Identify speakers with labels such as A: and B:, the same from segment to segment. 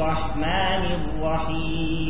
A: الرحمن الرحيم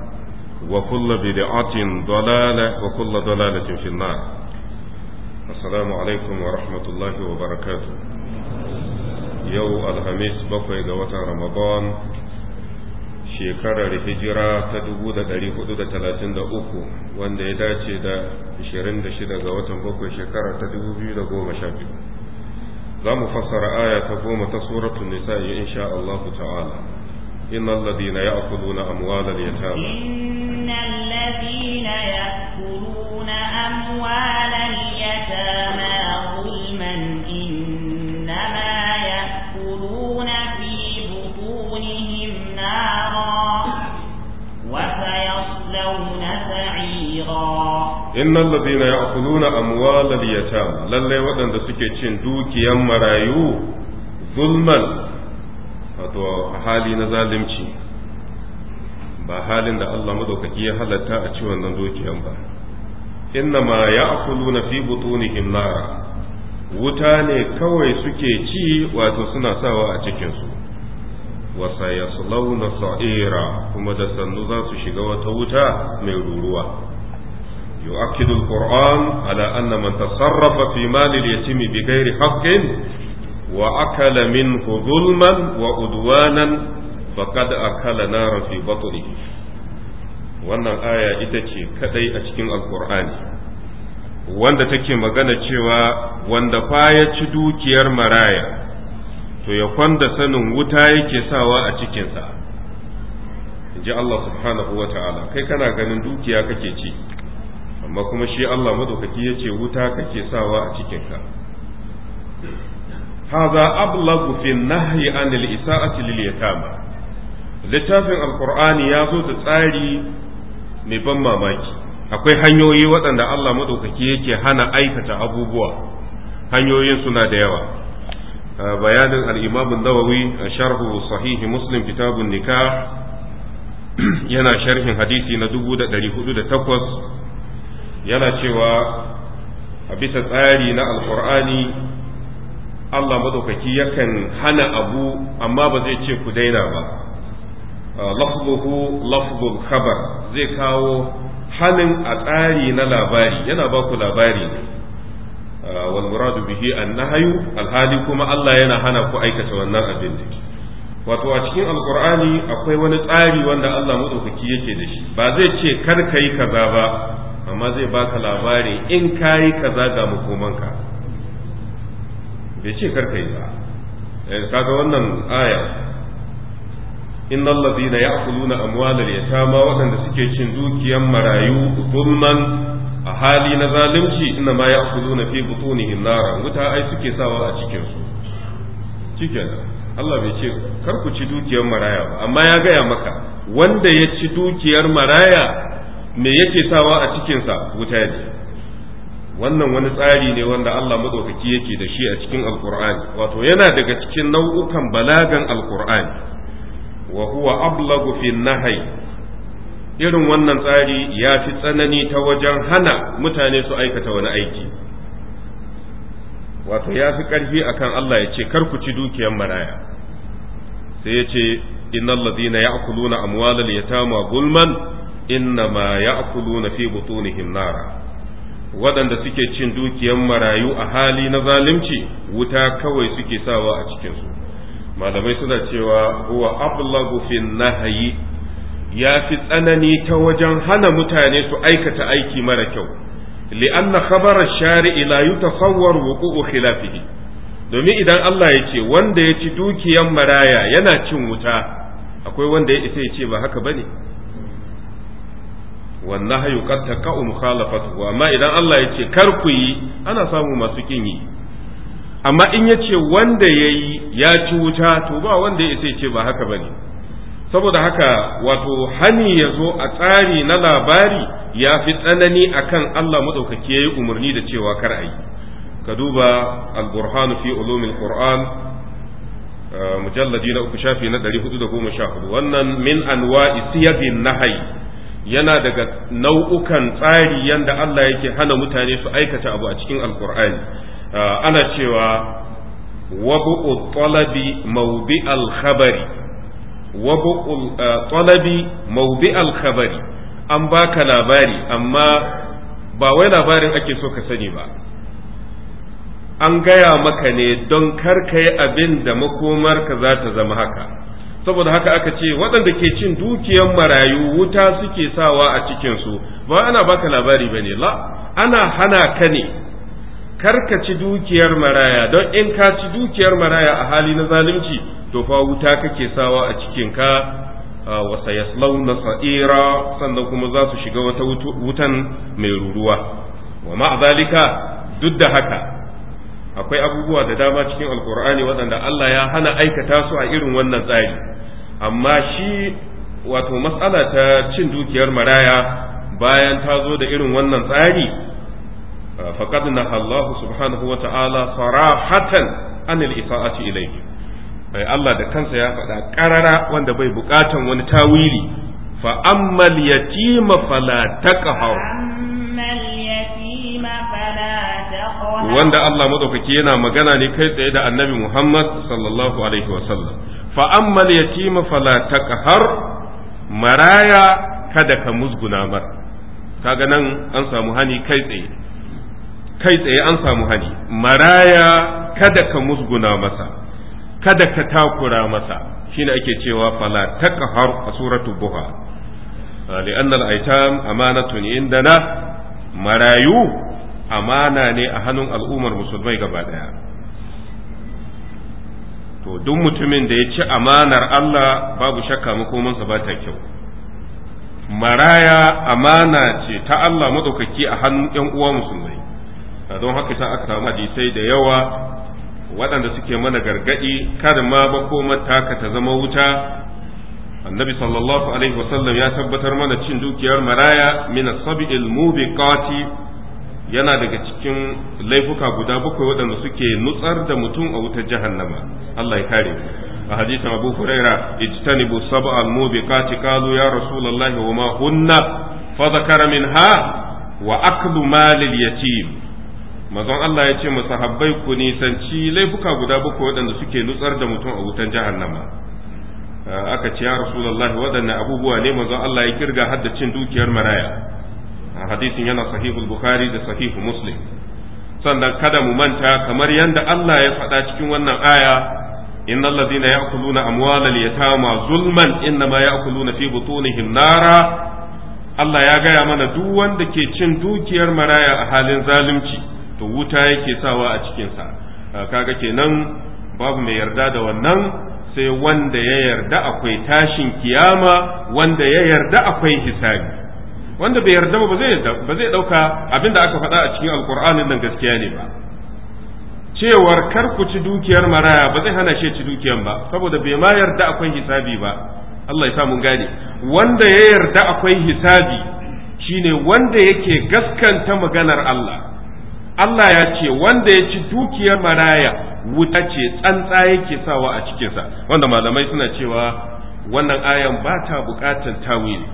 B: وكل بدعة ضلالة وكل ضلالة في النار السلام عليكم ورحمة الله وبركاته يو الخميس بقي قوة رمضان shekarar hijira ta 1433 wanda ya dace da 26 ga watan bakwai shekara ta 2012 za mu fassara aya ta goma ta nisa nisa'i insha Allah ta'ala إن الذين يأكلون أموال اليتامى
A: إن الذين يأكلون أموال اليتامى ظلما إنما يأكلون في بطونهم نارا وسيصلون سعيرا
B: إن الذين يأكلون أموال اليتامى للي ودن دسكي تشندوكي رايو ظلما wato a hali na zalunci, ba halin da Allah madaukaki ya halatta a ci wannan dukiyan ba inna ma ya'kuluna fi butunihim nara wuta ne kawai suke ci wato suna sawa a cikin su wa sayaslawna sa'ira kuma da sannu za su shiga wata wuta mai ruruwa alquran ala anna man tasarrafa fi mali al اليتيم بغير haqqin وأكل منه ظلما وعدوانا فقد أكل نارا في بطنه wannan aya ita ce kadai a cikin alkur'ani wanda take magana cewa wanda fa ya ci dukiyar maraya to ya kwanda sanin wuta yake sawa a cikinsa ji Allah subhanahu wa ta'ala kai kana ganin dukiya kake ci amma kuma shi Allah madaukaki yace wuta kake sawa a cikinka haza ablagu nahyi an littafin alkur'ani ya zo da tsari mai ban mamaki akwai hanyoyi waɗanda Allah maɗaukaki yake hana aikata abubuwa hanyoyin suna da yawa bayanin Al'imamin nawawi a sharhu sahihi muslim kitabun nikah yana sharhin hadisi na 1408 yana cewa a bisa tsari na alkur'ani Allah madaukaki yakan hana abu amma ba zai ce ku daina ba uh, lafzuhu lafzul khabar zai kawo hanin a tsari na labari yana ba ku labari ne uh, wal muradu bihi annahyu alhali kuma Allah yana hana ku aikata wannan abin da wato a cikin alqur'ani akwai wani tsari wanda Allah madaukaki yake da shi ba zai ce kar kai kaza ba amma zai baka labari in kayi kaza ga makomanka bai ce karka yi ba eh, kaga wannan aya innal ladina ya'kuluna ya yatama waɗanda suke cin dukiyan marayu zulman a hali na zalunci inna ma ya'kuluna fi butunihim nara wuta ai suke sawa a cikin cikin Allah bai ce kar ku ci dukiyar maraya ba amma ya gaya maka wanda ya ci dukiyar maraya me yake sawa a cikinsa wuta ne wannan wani tsari ne wanda Allah madaukaki yake da shi a cikin alkur'ani wato yana daga cikin nau'ukan balagan alkur'ani wa huwa ablagu fi nahai irin wannan tsari ya fi tsanani ta wajen hana mutane su aikata wani aiki wato ya fi ƙarfi akan Allah ya ce kar ku ci dukiyar maraya sai ya ce innal ladina ya'kuluna amwalal yatama zulman innama ya'kuluna fi butunihim nara waɗanda suke cin dukiyar marayu a hali na zalunci wuta kawai suke sawa a cikinsu malamai suna cewa huwa ablagu fi nahayi ya fi tsanani ta wajen hana mutane su aikata aiki mara kyau li'anna khabara shari'i la yutasawwar wuqu'u khilafihi domin idan Allah ya ce wanda ya ci dukiyan maraya yana cin wuta akwai wanda ya isa ya ce ba haka bane wannan hayu qad taqa'u mukhalafatuhu amma idan Allah ya ce kar ku yi ana samu masu kin yi amma in yace wanda ya ya ci wuta to ba wanda ya ce ba haka bane saboda haka wato hani ya zo a tsari na labari ya fi tsanani kan Allah maɗaukaki ya yi umarni da cewa kar a yi ka duba al fi ulumin qur'an eh, mujalladi na uku shafi na 414 wannan min anwa'i siyabin nahyi yana daga nau'ukan tsari yanda Allah yake hana mutane su aikata abu a cikin alkur'ani ah, ana cewa wabu'u talabi mawbi alkhabari wabu'u ah, talabi mawbi alkhabari an baka labari amma ba wai labarin ake so ka sani ba an gaya maka ne don kar yi abin da makomarka za ta zama haka saboda haka aka ce waɗanda ke cin dukiyar marayu wuta suke sawa a cikinsu ba ana baka labari ba ne la ana hana ka ne karka ci dukiyar maraya don in ka ci dukiyar maraya a hali na zalunci to fa wuta kake sawa a cikinka wa sayaslawna sa'ira sannan kuma za su shiga wata wutan mai ruruwa wa ma'a zalika duk da haka akwai abubuwa da dama cikin alkur'ani waɗanda Allah ya hana aikata su a irin wannan tsari amma shi wato matsala ta cin dukiyar maraya bayan ta zo da irin wannan tsari faqad naha Allah subhanahu wa ta'ala sarahatan anil ifa'ati ilayhi bai Allah da kansa ya faɗa ƙarara wanda bai buƙatan wani tawili fa ammal yatima fala taqhar wanda Allah madaukaki yana magana ne kai tsaye da annabi Muhammad sallallahu alaihi wasallam fa ammal yatima fala taqhar maraya kada ka musguna mar kaga nan an samu hani kai tsaye kai tsaye an samu hani maraya kada ka musguna masa kada ka takura masa shine ake cewa fala taqhar a suratul buha لأن الأيتام أمانة عندنا marayu amana ne a hannun al'ummar musulmai gaba ɗaya? to duk mutumin da ya ci amanar Allah babu shakka makomansa ba ta kyau maraya amana ce ta Allah maɗaukaki a hannun ‘yan uwa musulmai don haka sa aka samu hadisai da yawa waɗanda suke mana gargaɗi kada ma ba ko mataka ta zama wuta
A: annabi sallallahu alaihi wasallam ya tabbatar mana cin dukiyar maraya min sabi'il mubiqati
B: yana daga cikin laifuka guda bakwai waɗanda suke nutsar da mutum a wutar jahannama Allah ya kare a hadisi Abu Huraira ijtanibu sab'al mubiqati qalu ya rasulullahi wa ma hunna fa zakara minha wa aklu malil yatim mazan Allah ya ce mu sahabbai ku nisanci laifuka guda bakwai waɗanda suke nutsar da mutum a wutar jahannama aka ce ya rasulullahi waɗanne abubuwa ne mazan Allah ya kirga haddacin dukiyar maraya hadisin yana sahihul bukhari da sahihu muslim sannan kada mu manta kamar yadda Allah ya faɗa cikin wannan aya inna alladhina ya'kuluna amwalal yatama zulman Inna ma ya'kuluna fi butunihim nara Allah ya gaya mana duk wanda ke cin dukiyar maraya a halin zalunci to wuta yake sawa a cikinsa kaga kenan babu mai yarda da wannan sai wanda ya yarda akwai tashin kiyama wanda ya yarda akwai hisabi wanda bai yarda ba zai ba zai dauka abinda aka faɗa a cikin alqur'anin nan gaskiya ne ba cewar kar ku ci dukiyar maraya ba zai hana shi ci dukiyar ba saboda bai ma yarda akwai hisabi ba Allah ya sa mun gane wanda ya yarda akwai hisabi shine wanda yake gaskanta maganar Allah Allah ya ce wanda ya ci dukiyar maraya wuta ce tsantsa yake sawa a cikinsa wanda malamai suna cewa wannan ayan ba ta bukatan tawili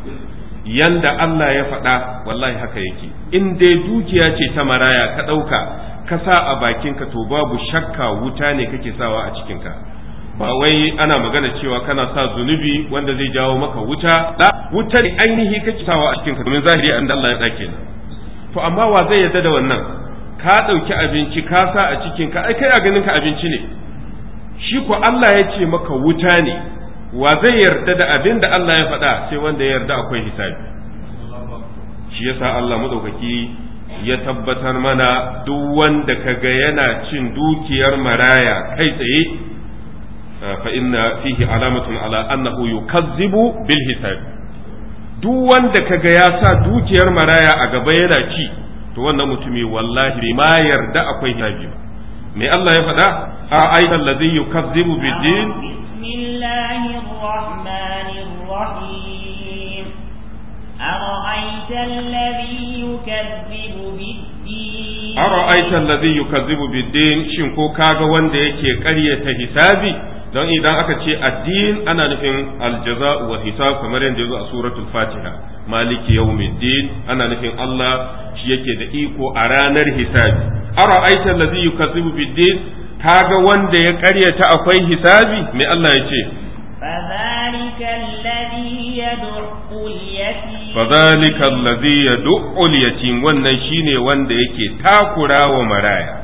B: yanda Allah ya faɗa wallahi haka yake in dai dukiya ce ta maraya ka ɗauka ka sa a bakinka to babu shakka wuta ne kake sawa a cikinka ba wai ana magana cewa kana sa zunubi wanda zai jawo maka wuta da wutar ainihi kake sawa a cikinka domin zahiri an Allah ya dake nan to amma wa zai yarda da wannan ka ɗauki abinci ka sa a cikinka ai kai a ganin ka abinci ne shi ko Allah ya ce maka wuta ne wa zai yarda da abin da Allah ya faɗa sai wanda ya yarda akwai hisabi shi yasa Allah madaukaki ya tabbatar mana duk wanda kaga yana cin dukiyar maraya kai tsaye fa inna fihi alamatun ala annahu yukazzibu bil hisab duk wanda kaga ya sa dukiyar maraya a gaba yana ci to wannan mutumi wallahi bai ma yarda akwai hisabi ba me Allah ya faɗa a ayyukan ladhi yukazzibu bid din
A: الرحمن الرحيم أرأيت الذي يكذب بالدين
B: أرأيت الذي يكذب بالدين شنكو كاغا don idan aka ce addin ana nufin aljaza wa kamar yadda yazo a suratul fatiha maliki yawmiddin ana nufin Allah shi yake da iko a ranar hisabi ara'aita allazi yukazzibu biddin kaga wanda ya karyata akwai hisabi me Allah ya ce
A: فذلك الذي
B: يدعو اليتيم wannan shine wanda yake takura wa maraya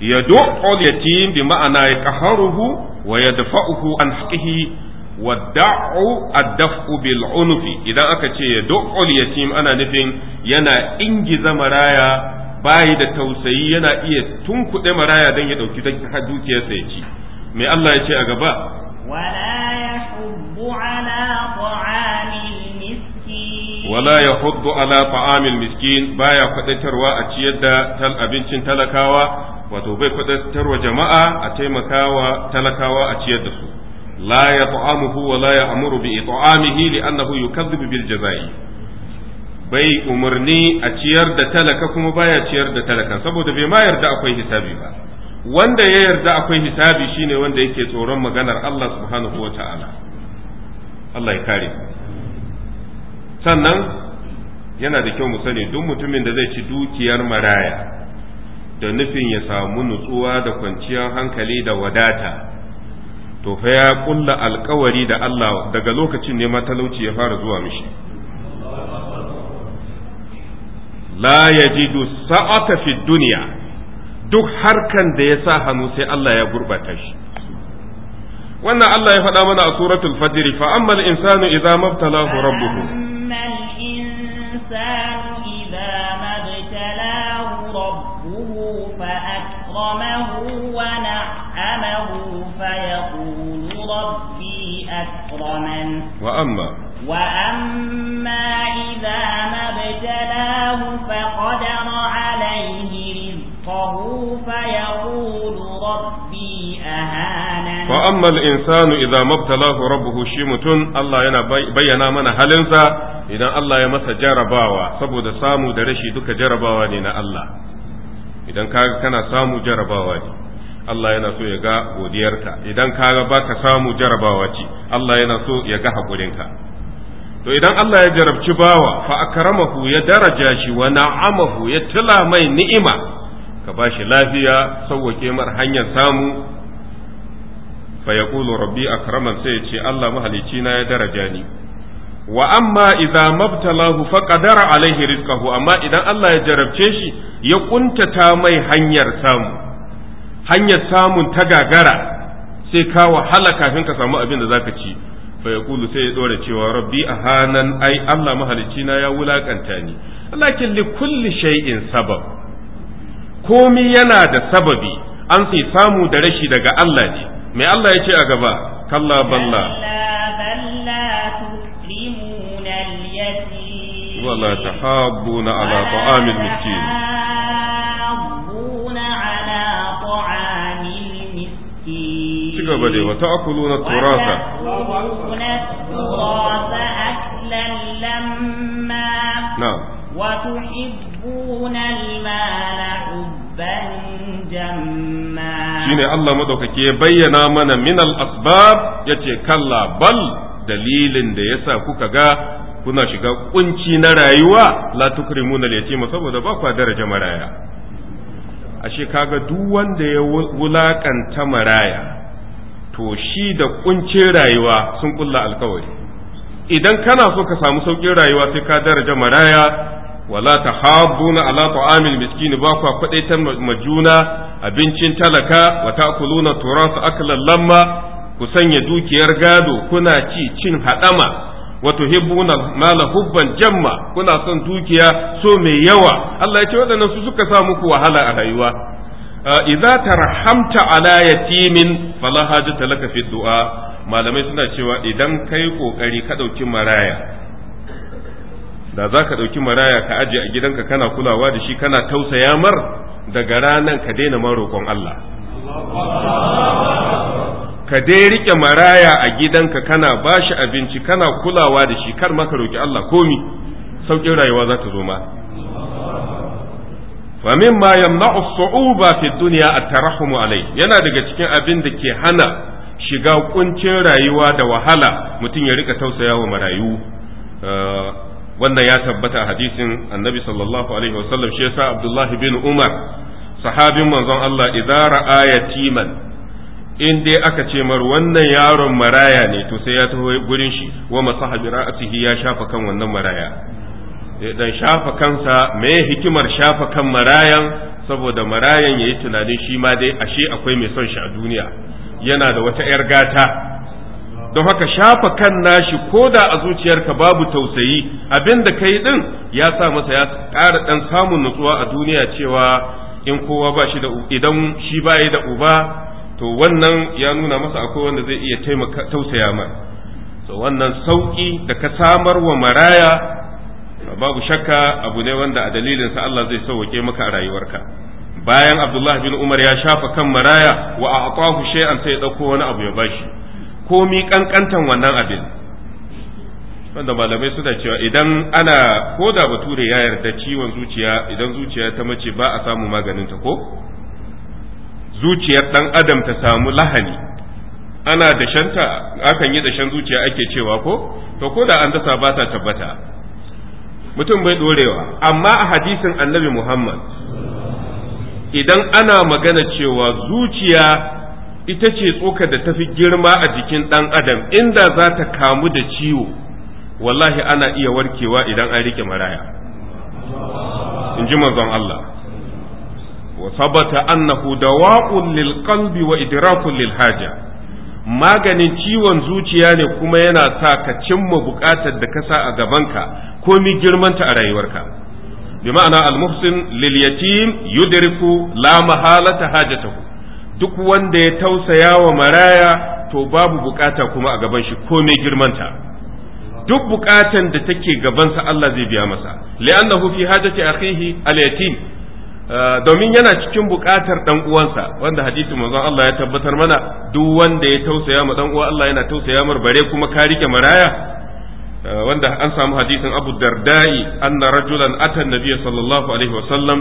B: yad'u al bi ma'ana yaqharuhu wa yadfa'uhu an haqqihi wa da'u ad-daf'u bil unfi idan aka ce yad'u al ana nufin yana ingiza maraya bayi da tausayi yana iya tunkuɗe maraya don ya ɗauki dukiyarsa ya ci me Allah ya ce a gaba
A: wala Wala ya طعام المسكين ولا
B: يحض على طعام المسكين بايا فدتروا أتيد تل أبنشن تلكاوا wato bai kwadatarwa jama'a a taimakawa talakawa a ciyar da su la ya ta'amuhu wa la ya amuru bi it'amihi li annahu yukazzibu bil jazai bai umarni a ciyar da talaka kuma baya ciyar da talaka saboda bai ma yarda akwai hisabi ba wanda ya yarda akwai hisabi shine wanda yake tsoron maganar Allah subhanahu wa Allah ya kare sannan yana da kyau mu sani duk mutumin da zai ci dukiyar maraya da nufin ya samu nutsuwa da kwanciyar hankali da wadata to fa ya kulla alkawari da Allah daga lokacin ne matalauci ya fara zuwa mishi la yajidu sa'ata fi duniya duk harkan da ya sa hannu sai Allah ya gurbata shi wannan Allah ya faɗa mana a suratul fajr fa ammal insanu idza mabtalahu rabbuhu
A: ammal insanu idza mabtalahu rabbuhu fa akramahu wa na'amahu fa yaqulu rabbi akraman wa amma wa amma idza mabtalahu fa qadara alayhi rizqahu fa yaqulu rabbi fa amma
B: al-insanu idza mabtalahu rabbuhu shi mutun Allah yana bayyana mana halinsa idan Allah ya masa jarabawa saboda samu da rashi duka jarabawa ne na Allah idan kaga kana samu jarabawa ne Allah yana so ya ga godiyarka idan kaga baka samu jarabawa ce Allah yana so ya ga hakurinka to idan Allah ya jarabci bawa fa akramahu ya daraja shi wa na'amahu ya tila mai ni'ima ka bashi lafiya sauwake mar hanyar samu fa yaqulu rabbi karaman sai ya ce Allah mahalicci na ya daraja ni wa amma idza mabtalahu faqadara alaihi rizqahu amma idan Allah ya jarabce shi ya kuntata mai hanyar samu hanyar samun ta gagara sai ka wahala kafin ka samu abin da zaka ci fa sai ya dora cewa rabbi hanan ai Allah mahalicci na ya wulakanta ni lakin li kulli shay'in sabab komi yana da sababi an sai samu da rashi daga Allah ne me Allah ya ce a gaba kalla balla
A: wala tahabbuna ala ta'amil miskin gaba dai wata akulu na turasa na وتحبون المال حبا shine Allah
B: madaukake ya bayyana mana min al asbab yace kalla bal dalilin da yasa kuka ga kuna shiga kunci na rayuwa la tukrimuna ma saboda ba kwa daraja maraya ashe kaga duk wanda ya wulakanta maraya to shi da ƙuncin rayuwa sun kulla alkawari idan kana so ka samu saukin rayuwa sai ka daraja maraya wala tahabuna ala ta'amil miskin ba kwa ma majuna abincin talaka wa ta'kuluna turas akalan lamma ku sanya dukiyar gado kuna ci cin haɗama wa tuhibbuna mala hubban jamma kuna son dukiya so mai yawa Allah ya ce waɗannan su suka sa muku wahala a rayuwa ah, idza tarhamta ala yatimin fala hajata laka fi du'a malamai suna cewa idan kai kokari ka dauki maraya da za ka ɗauki maraya ka aje a gidanka kana kulawa da shi kana tausaya mar daga ranan ka daina maroƙon Allah ka dai rike maraya a gidanka kana ba shi abinci kana kulawa da shi kar maka roki Allah komi sauƙin rayuwa za ta zo ma wa ma yamna'u su'uba fi dunya at-tarahhum alai yana daga cikin abin da ke hana shiga kuncin rayuwa da wahala mutum ya rika tausayawa marayu uh, wannan ya tabbata a hadisin annabi sallallahu alaihi wasallam shi yasa abdullahi bin umar sahabin manzon Allah idan ra'a yatiman in dai aka ce mar wannan yaron maraya ne to sai ya taho gurin shi wa masaha bi ra'atihi ya shafa kan wannan maraya dan shafa kansa me hikimar shafa kan marayan saboda marayan yayi tunanin shi ma dai ashe akwai mai son shi a duniya yana da wata yar gata don haka shafa kan nashi ko da a zuciyarka babu tausayi abin da kai din ya sa masa ya ƙara ɗan samun nutsuwa a duniya cewa in kowa ba shi da idan shi ba da uba to wannan ya nuna masa akwai wanda zai iya taimaka tausaya mai to wannan sauƙi da ka samar wa maraya babu shakka abu ne wanda a dalilinsa Allah zai sauke maka a rayuwarka bayan Abdullahi bin Umar ya shafa kan maraya wa aqahu shay'an sai ya dauko wani abu ya bashi komi kankantan wannan abin wanda malamai suna cewa idan ana ko da bature ya yarda ciwon zuciya idan zuciya ta mace ba a samu maganin ta ko zuciyar dan adam ta samu lahani ana dashanta akan yi dashen zuciya ake cewa ko to ko da an dasa ba ta tabbata mutum bai dorewa amma a hadisin annabi muhammad idan ana magana cewa zuciya ita ce tsoka da tafi girma a jikin ɗan adam inda za ta kamu da ciwo wallahi ana iya warkewa idan an rike maraya in ji manzon Allah wa sabata annahu dawa'un lil qalbi wa idrakun lil haja maganin ciwon zuciya ne kuma yana sa ka cimma buƙatar da ka sa a gabanka komi girmanta a rayuwarka bi ma'ana al-muhsin lil yatim yudriku la mahalata hajatahu duk wanda ya tausaya wa maraya to babu bukata kuma a gaban shi komai girmanta duk bukatan da take gabansa Allah zai biya masa li'annahu fi hajati akhihi al-yatim uh, domin yana cikin bukatar dan uwansa wanda hadisi manzon Allah ya tabbatar mana duk wanda ya tausaya ma dan uwa Allah yana tausaya mar bare kuma ka rike maraya uh, wanda an samu hadisin Abu Dardai anna rajulan atan nabiyya sallallahu alaihi wasallam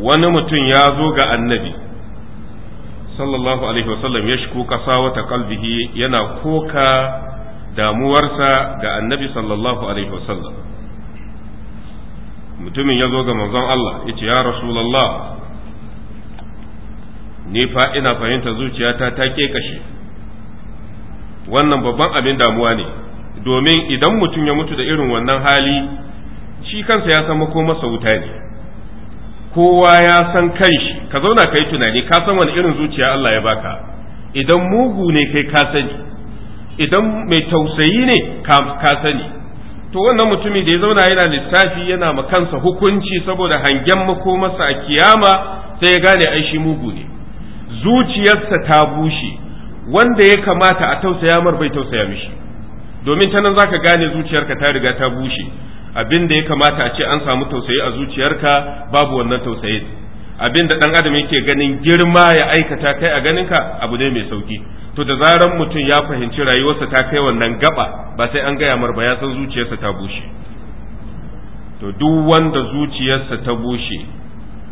B: wani mutum ya zo ga annabi sallallahu alaihi wasallam ya shiku kasa wata kalbihi yana koka damuwarsa ga annabi sallallahu alaihi wasallam mutumin ya zo ga manzon Allah ya ce ya rasulallah ni fa ina fahimta zuciyata ta ke kashe wannan babban abin damuwa ne domin idan mutum ya mutu da irin wannan hali shi kansa ya san masa wuta ne kowa ya san kai shi, ka zauna ka yi tunani ka san wani irin zuciya Allah ya baka idan mugu ne kai ka sani idan mai tausayi ne ka sani to wannan mutumi da ya zauna yana lissafi yana ma kansa hukunci saboda hangen makomarsa a kiyama sai ya gane ai shi mugu ne zuciyarsa ta bushe wanda ya kamata a tausaya mar bai tausaya mishi domin ta nan zaka gane zuciyarka ta riga ta bushe abin da ya kamata a ce an samu tausayi a zuciyarka babu wannan tausayin abin da dan adam yake ganin girma ya aikata kai a ganinka abu ne mai sauki to da zaran mutum ya fahimci rayuwarsa ta kai wannan gaba ba sai an gaya mar ba ya san zuciyarsa ta bushe to duk wanda zuciyarsa ta bushe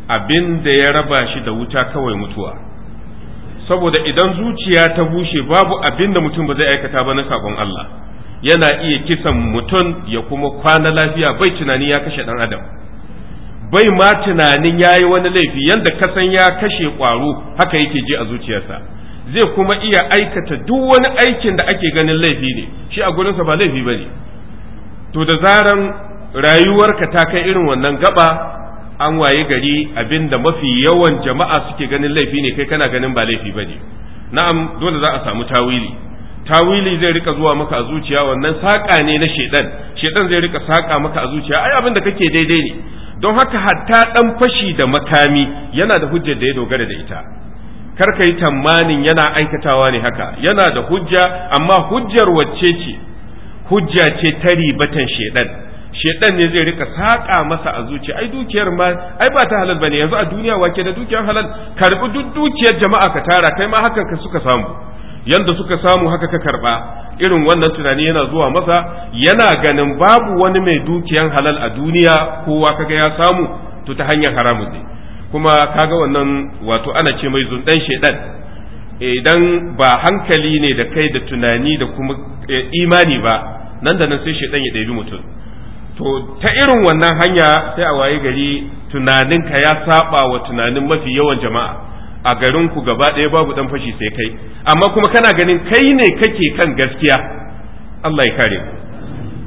B: abin da ya raba shi da wuta kawai mutuwa saboda idan zuciya ta bushe babu abin da mutum ba zai aikata ba na sabon Allah yana iya kisan mutum ya kuma kwana lafiya bai tunani ya kashe ɗan adam bai ma tunanin ya yi wani laifi yadda kasan ya kashe ƙwaro haka yake ji a zuciyarsa zai kuma iya aikata duk wani aikin da ake ganin laifi ne shi a gurinsa ba laifi ba ne to da zaran rayuwarka ta kai irin wannan gaba an waye gari abinda mafi yawan jama'a suke ganin laifi ne kai kana ganin ba laifi ba ne na'am dole za a samu tawili tawili zai rika zuwa maka a zuciya wannan saƙa ne na shedan shedan zai rika saƙa maka a zuciya ai abin da kake daidai ne don haka hatta ɗan fashi da makami yana da hujjar da ya dogara da ita kar ka yi tamanin yana aikatawa ne haka yana da hujja amma hujjar wacce ce hujja ce ta ribatan shedan shedan ne zai rika saƙa masa a zuciya ai dukiyar ma ai ba ta halal bane yanzu a duniya wake da dukiyar halal karbi duk dukiyar jama'a ka tara kai ma hakan ka suka samu yanda suka samu haka ka karba irin wannan tunani yana zuwa masa yana ganin babu wani mai dukiyan halal a duniya kowa kaga ya samu to ta hanyar haramun ne kuma kaga wannan wato ana ce mai zundan shedan idan ba hankali ne da kai da tunani da kuma e, imani ba nan da nan sai shedan ya ɗabi mutum to ta irin wannan hanya sai a waye gari tunaninka ya saba wa tunanin mafi yawan jama'a a garin ku gaba ɗaya babu ɗan fashi sai kai amma kuma kana ganin kai ne kake kan gaskiya Allah ya kare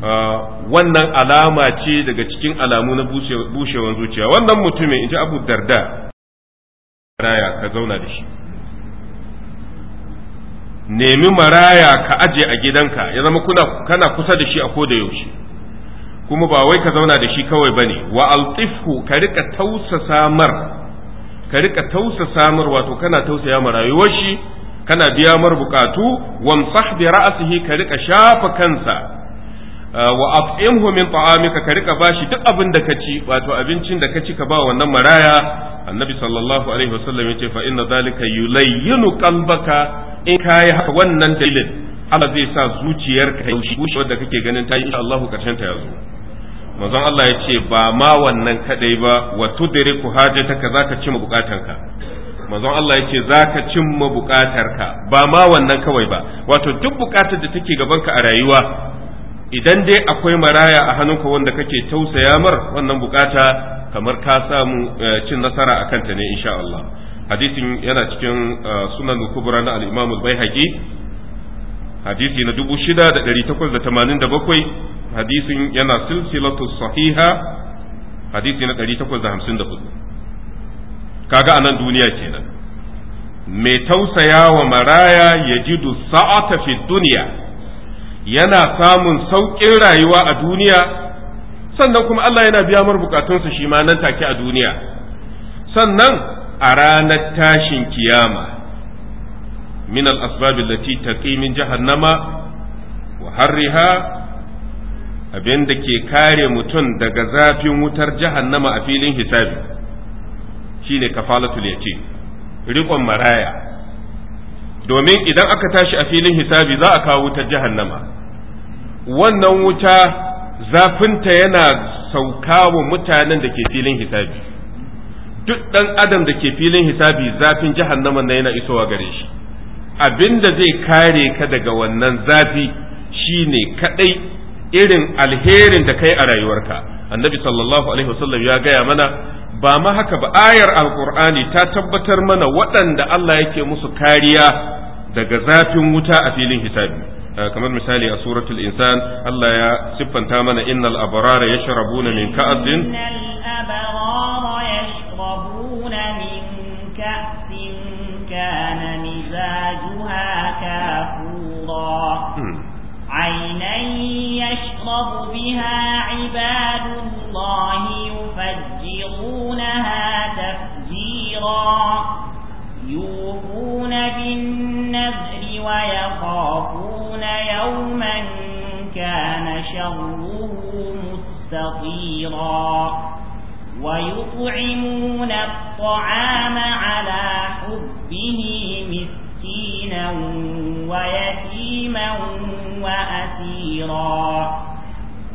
B: ah, wannan alama ce daga cikin alamu na bushewar zuciya wannan mutumin inji Abu Darda raya ka zauna da shi nemi maraya ka aje a gidanka ya zama kuna kana kusa da shi a koda yaushe kuma ba wai ka zauna da shi kawai bane wa altifhu ka rika tausasa mar ka rika tausa samar wato kana tausaya ma rayuwar shi kana biya mar bukatu wamsah bi ra'sihi ka rika shafa kansa ah, wa af'imhu min ta'amika ka rika bashi duk abin da ka ci wato abincin da ka ci ka ba wannan maraya annabi sallallahu alaihi wasallam yace fa inna zalika yulayyinu qalbaka in kai haka wannan dalilin Allah zai sa zuciyarka ya bushe wanda kake ganin ta yi insha Allah karshen ta yazo manzon Allah ya ce ba ma wannan kadai ba wa tudriku hajataka zaka cimma bukatanka manzon Allah ya ce zaka cimma bukatarka ba ma wannan kawai ba wato duk bukatar da take gabanka a rayuwa idan dai akwai maraya a hannunka wanda kake tausaya mar wannan bukata kamar ka samu eh, cin nasara a kanta ne insha Allah hadisin yana cikin eh, sunan kubra na al-Imam al-Baihaqi hadisi na bakwai, hadisin yana silsilatu sahiha hadisi na 854 kaga anan duniya kenan mai tausaya wa maraya ya ji sa'ata fi duniya yana samun sauƙin rayuwa a duniya sannan kuma Allah yana biya mar bukatunsa shi ma nan take a duniya sannan a ranar tashin kiyama من الأسباب التي تقي من جهنم jahannama wa harriha abin da ke kare mutum daga zafin wutar jahannama a filin hisabi shine kafalatul yatim riƙon maraya domin idan aka tashi a filin hisabi za a kawo wutar jahannama wannan wuta zafinta yana sauka wa mutanen da ke filin hisabi duk ɗan adam da ke filin hisabi zafin jahannama na yana isowa gare shi abinda zai kare ka daga wannan zafi shine kadai irin alherin da kai a rayuwarka annabi sallallahu alaihi wasallam ya gaya mana ba ma haka ba ayar alkur'ani ta tabbatar mana waɗanda Allah yake musu kariya daga zafin wuta a filin hisabi ah, kamar misali a suratul insan Allah ya siffanta mana innal abrara yashrabuna min ka'sin
A: innal abrara yashrabuna min ka'sin كان مزاجها كافورا عينا يشرب بها عباد الله يفجرونها تفجيرا يوفون بالنذر ويخافون يوما كان شره مستطيرا ويطعمون الطعام على به مسكينا ويتيما وأسيرا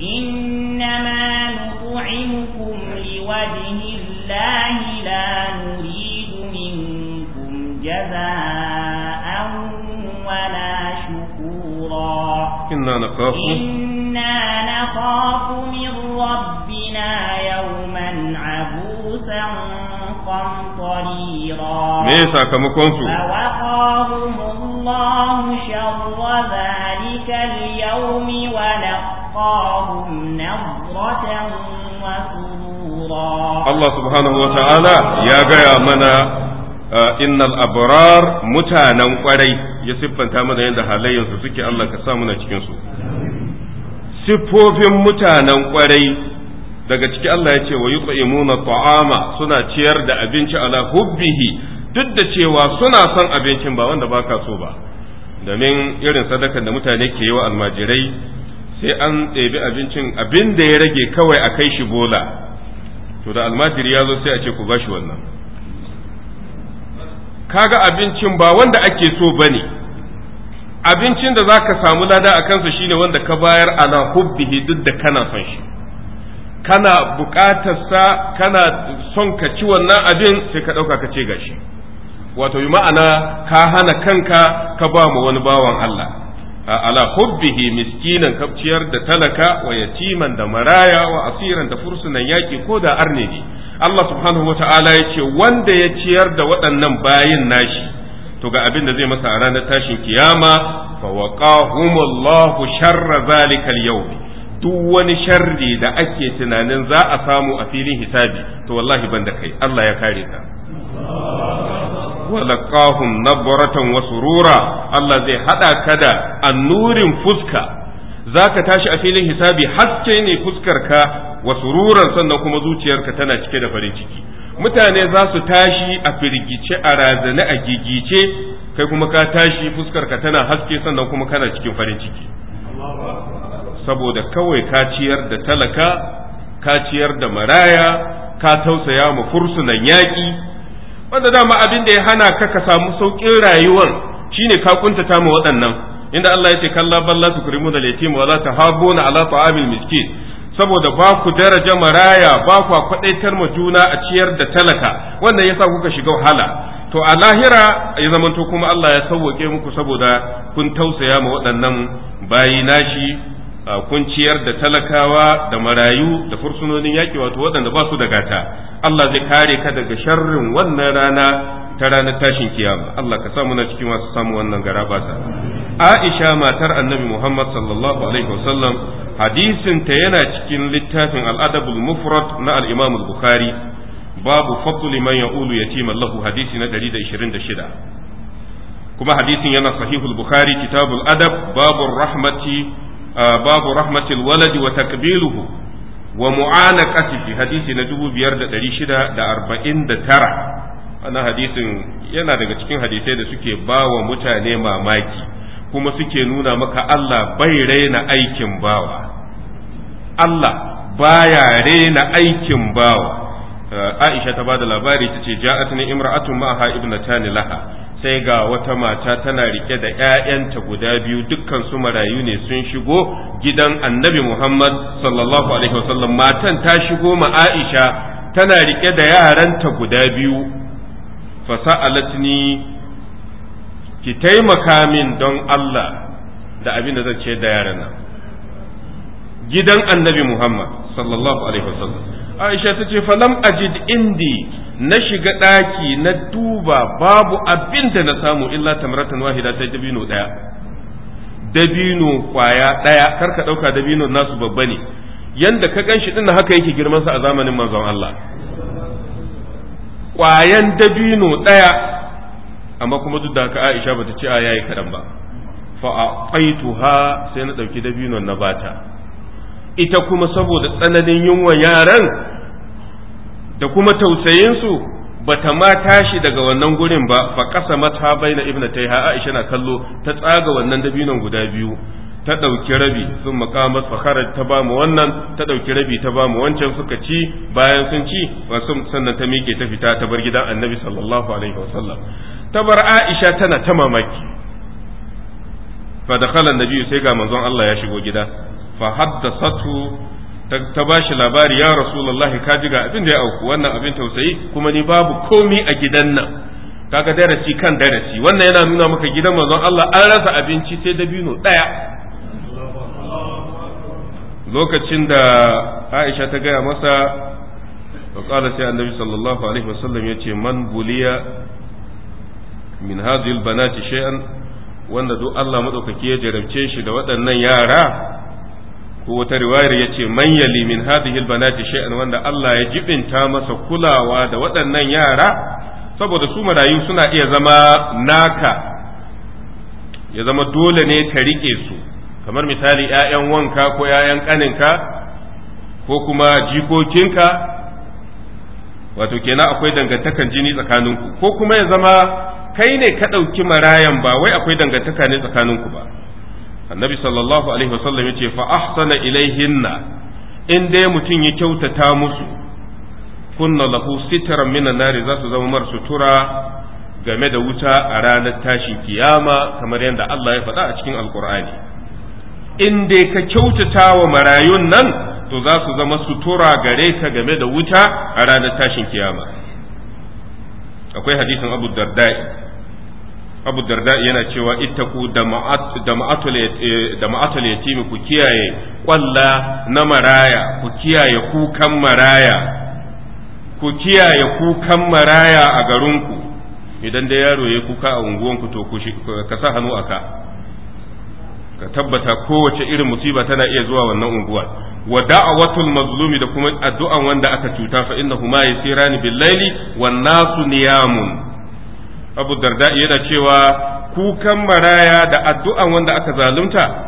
A: إنما نطعمكم لوجه الله لا نريد منكم جزاء ولا شكورا إنا نخاف إنا نخاف من ربنا يوما عبوسا Me ya sakamakon su? Allah subhanahu ذلك ya gaya
B: mana ah, innal abrar mutanen kwarai ya siffanta mana yadda halayensu suke Allah ka sa muna siffofin mutanen kwarai daga ciki Allah ya ce wa yi yut'imuna ta'ama suna ciyar da abinci ala hubbihi duk da cewa suna son abincin ba wanda baka so ba domin irin sadakan da mutane ke yi wa almajirai sai an ɗebi abincin abin da ya rage kawai a kai shi bola to da almajiri ya zo sai a ce ku bashi wannan kaga abincin ba wanda ake so ba ne. abincin da za ka samu lada a kansa shine wanda ka bayar ala hubbihi duk da kana son shi kana buƙatar sa kana son ka ci wannan abin sai ka ɗauka ka ce gashi wato yi ma'ana ka hana kanka ka ba mu wani bawan Allah ala hubbihi miskinan kabciyar da talaka wa yatiman da maraya wa asiran da fursunan yaƙi ko da arne ne Allah subhanahu wata'ala ya ce wanda ya ciyar da waɗannan bayin nashi to ga abin da zai masa a ranar tashin kiyama fa waqahumullahu sharra zalikal yawmi duk wani sharri da ake tunanin za a samu a filin hisabi to wallahi ban da kai Allah ya kare ka walaqahum nabratan wa surura Allah zai hada ka da annurin fuska zaka tashi a filin hisabi haske ne fuskar ka wa sururan sannan kuma zuciyarka tana cike da farin ciki mutane za su tashi a firgice a razane a gigice kai kuma ka tashi fuskar ka tana haske sannan kuma kana cikin farin ciki saboda kawai ka ciyar da talaka ka ciyar da maraya ka tausaya mu fursunan yaƙi wanda dama abin da ya hana ka ka samu sauƙin rayuwar shine ka kuntata mu waɗannan inda Allah ya ce kalla balla da al-yatima wala tahabuna ala ta'amil miskin saboda ba ku daraja maraya ba ku kwadaitar ma juna a ciyar da talaka wannan yasa kuka shiga wahala to a lahira ya zamanto kuma Allah ya sauwake muku saboda kun tausaya ma waɗannan bayi nashi kun ciyar da talakawa da marayu da fursunonin yaki wato waɗanda ba su da gata Allah zai kare ka daga sharrin wannan rana ta ranar tashin kiyama Allah ka samu na cikin masu samu wannan gara Aisha matar Annabi Muhammad sallallahu alaihi wasallam hadisin ta yana cikin littafin Al-Adabul Mufrad na Al-Imam Bukhari babu fadli man ya'ulu yatiman lahu hadisi na 126 kuma hadisin yana sahihul Bukhari kitabul adab babu rahmati babu rahmatil waladi wa takbiluhu wa mu'ana mu'anaqatihi hadisi na 5649 wannan hadisin yana daga cikin hadisai da suke ba wa mutane mamaki kuma suke nuna maka Allah bai raina aikin bawa Allah baya raina aikin bawa Aisha ta bada labari tace ja'atni imra'atun ma'aha ibnatani laha sai ga wata mata tana rike da ‘ya'yanta guda biyu dukkan su marayu ne sun shigo gidan annabi Muhammad sallallahu Alaihi wasallam matan ta shigo ma Aisha tana rike da yaranta guda biyu fasa'alatni ki taimaka min don Allah da abin da zan ce da yaran nan gidan annabi Muhammad sallallahu Alaihi wasallam Aisha ta ce falam ajid indi na shiga ɗaki na duba babu abin da na samu illa tamratan wahida ta dabino ɗaya dabino kwaya ɗaya kar ka ɗauka dabino nasu babba ne yanda ka ganshi ɗin haka yake girman sa a zamanin manzon Allah kwayan dabino ɗaya amma kuma duk da haka Aisha bata ce a yayi kaɗan ba fa aqaituha sai na ɗauki dabinon na bata ita kuma saboda tsananin yunwa yaran da kuma tausayinsu ba ta ma tashi daga wannan gurin ba fa kasa mata baina ibnataiha Aisha na kallo ta tsaga wannan dabinon guda biyu ta ɗauki rabi sun makamat fakharar ta ba mu wannan ta ɗauki rabi ta ba mu wancan suka ci bayan sun ci sannan ta miƙe ta fita ta bar gidan annabi sallallahu alaihi wasallam ta bar aisha tana ta mamaki fa dakhala annabi sai ga manzon Allah ya shigo gida fa haddasatu ta ba shi labari ya rasulullahi ka ji ga abin da ya auku wannan abin tausayi kuma ni babu komi a gidan nan kaga darasi kan darasi wannan yana nuna maka gidan manzon Allah an rasa abinci sai dabino daya lokacin da Aisha ta gaya masa فقال annabi النبي صلى الله عليه ya ce man buliya min hadhihi albanati shay'an wanda duk Allah madaukaki ya jarabce shi da waɗannan yara ko wata riwayar ya ce man yali min hadhihi albanati shay'an wanda Allah ya jibinta masa kulawa da waɗannan yara saboda su marayu suna iya zama naka ya zama dole ne ka rike su kamar misali ‘ya'yan wanka ko ‘ya'yan ƙaninka ko kuma jikokinka wato kenan akwai dangantakan jini tsakaninku ko kuma ya zama kai ne ka ɗauki marayan ba wai akwai dangantaka ne tsakaninku ba annabi sallallahu alaihi wasallam yace fa ahsana ilaihinna in dai mutum ya kyautata musu kunna lahu sitran minan nari za su zama marsu sutura game da wuta a ranar tashin kiyama kamar yadda Allah ya faɗa a cikin alkur'ani in dai ka kyautata wa marayun nan to za su zama sutura gare ka game da wuta a ranar tashin kiyama akwai hadisin abu dardai abu darda yana cewa ittaku da ma'atul eh, yatimi ku kiyaye kwalla na maraya ku kiyaye kukan maraya ku kiyaye kukan maraya a garinku idan da yaro ya kuka a unguwanku to ka sa hannu a ka ka tabbata kowace irin musiba tana iya zuwa wannan unguwa wa da'awatul mazlumi da kuma addu'an wanda aka cuta fa innahu ma yasirani bil laili wan nasu niyamun abu darda yana cewa kukan maraya da addu'an wanda aka zalunta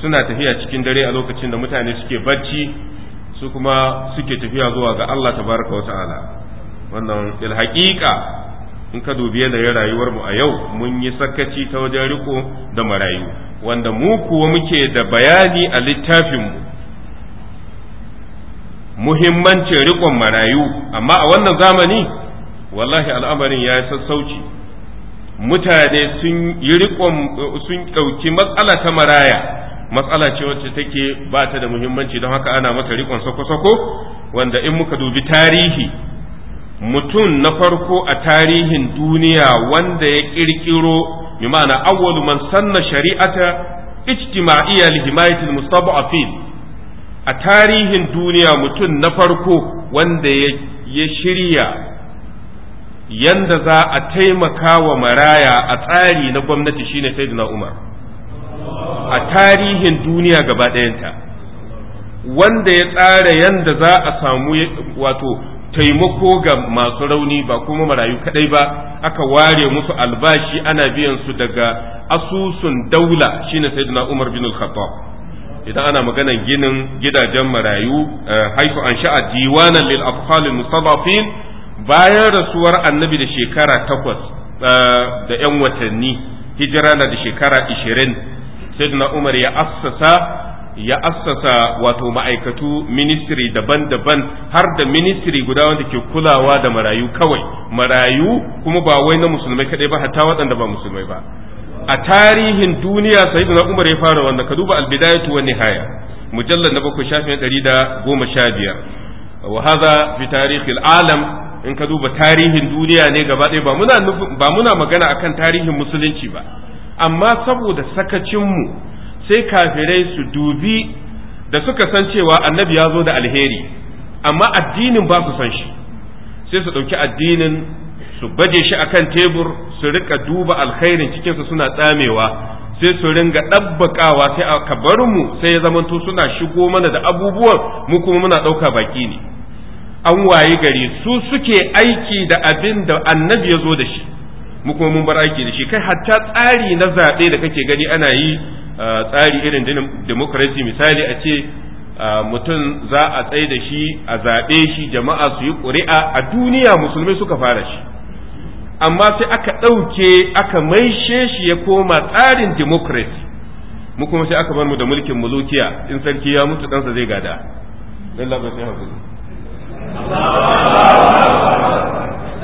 B: suna tafiya cikin dare a lokacin da mutane suke bacci su kuma suke tafiya zuwa ga Allah tabaraka wa ta'ala wannan ilhaƙiƙa in ka dubi yanayin rayuwar mu a yau mun yi sakaci ta wajen riko da marayu wanda mu kuwa muke da bayani a littafinmu muhimmancin riƙon marayu amma a wannan zamani wallahi al'amarin ya yi sassauci mutane sun yi riƙon sun ɗauki matsala ta maraya matsala ce wacce take ba ta da muhimmanci don haka ana mata riƙon sako-sako wanda in muka dubi tarihi mutum na farko a tarihin duniya wanda ya ƙirƙiro bi ma'ana awwalu man sanna shari'ata ijtima'iyya li himayatil mustada'afin a tarihin duniya mutum na farko wanda ya shirya yanda za a taimaka wa maraya a tsari na gwamnati shine sayyidina umar a tarihin duniya gaba ɗayanta wanda ya tsara yanda za a samu wato taimako ga masu rauni ba kuma marayu kadai ba aka ware musu albashi ana biyan su daga asusun daula shine sayyidina umar bin al-khattab idan ana maganar ginin gidajen marayu eh, haifu an sha'a diwanan lil afqal mustadafin bayan rasuwar annabi da shekara takwas eh, da 'yan watanni hijira na da shekara ishirin sayyidina umar ya assasa ya assasa wato ma'aikatu ministry daban-daban har da ministry guda wanda ke kulawa da marayu kawai marayu kuma ba wai na musulmai kadai ba hatta waɗanda ba musulmai ba a tarihin duniya sayyidina umar ya fara wanda ka duba albidayatu wa nihaya mujallar na bakwai shafin ɗari da goma sha biyar wa haza fi tarihi al'alam in ka duba tarihin duniya ne gaba ɗaya ba muna magana a magana akan tarihin musulunci ba amma saboda sakacinmu sai kafirai su dubi da suka san cewa annabi ya zo da alheri amma addinin ba su san shi sai su ɗauki addinin su baje shi akan tebur su rika duba alkhairin cikinsa suna tsamewa sai su ringa ɗabbakawa sai a kabarinmu sai ya zamanto suna shigo mana da abubuwan mu kuma muna ɗauka baki ne an wayi gari su suke aiki da abin da annabi ya zo da shi mu kuma mun bar aiki da shi kai hatta tsari na zaɓe da kake gani ana yi tsari irin demokrasi misali a ce mutum za a tsaye da shi a zaɓe shi jama'a su yi ƙuri'a a duniya musulmai suka fara shi amma sai aka ɗauke aka maishe shi ya koma tsarin demokrasi mu kuma sai aka bar mu da mulkin mulukiya in sarki ya mutu ɗansa zai gada. Allah ba sai hakuri.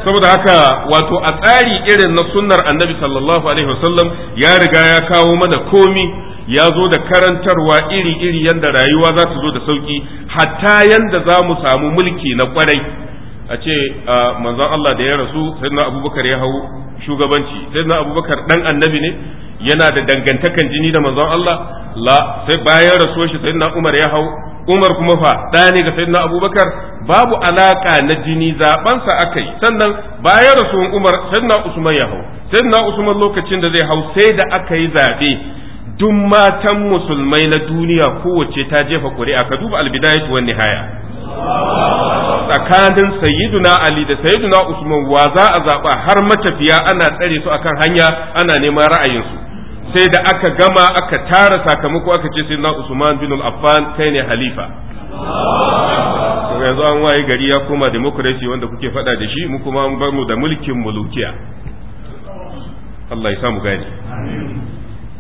B: saboda haka wato a tsari irin na sunnar annabi sallallahu alaihi wasallam ya riga ya kawo mana komi ya zo da karantarwa iri-iri yadda rayuwa za ta zo da sauki hatta yadda za mu samu mulki na kwarai a ce manzon Allah da ya rasu na abubakar ya hau shugabanci na abubakar dan annabi ne yana da dangantakan jini da manzon Allah la sai bayan rasuwar shi na Umar ya hau Umar kuma fa ɗaya ne ga Sayyidina Abubakar babu alaka na jini zabansa aka yi sannan bayan rasuwan Umar Sayyidina Usman ya hau Sayyidina Usman lokacin da zai hau sai da aka yi zaɓe duk matan musulmai na duniya kowace ta jefa ƙuri'a ka duba albidayat wa nihaya tsakanin sayyiduna ali da sayyiduna usman wa za a zaɓa har matafiya ana tsare su akan hanya ana neman ra'ayinsu sai da aka gama aka tara sakamako aka ce sai na Usman bin Affan kai ne halifa yanzu an waye gari ya koma demokrasi wanda kuke fada da shi mu kuma an bar mu da mulkin mulukiya Allah ya sa mu gani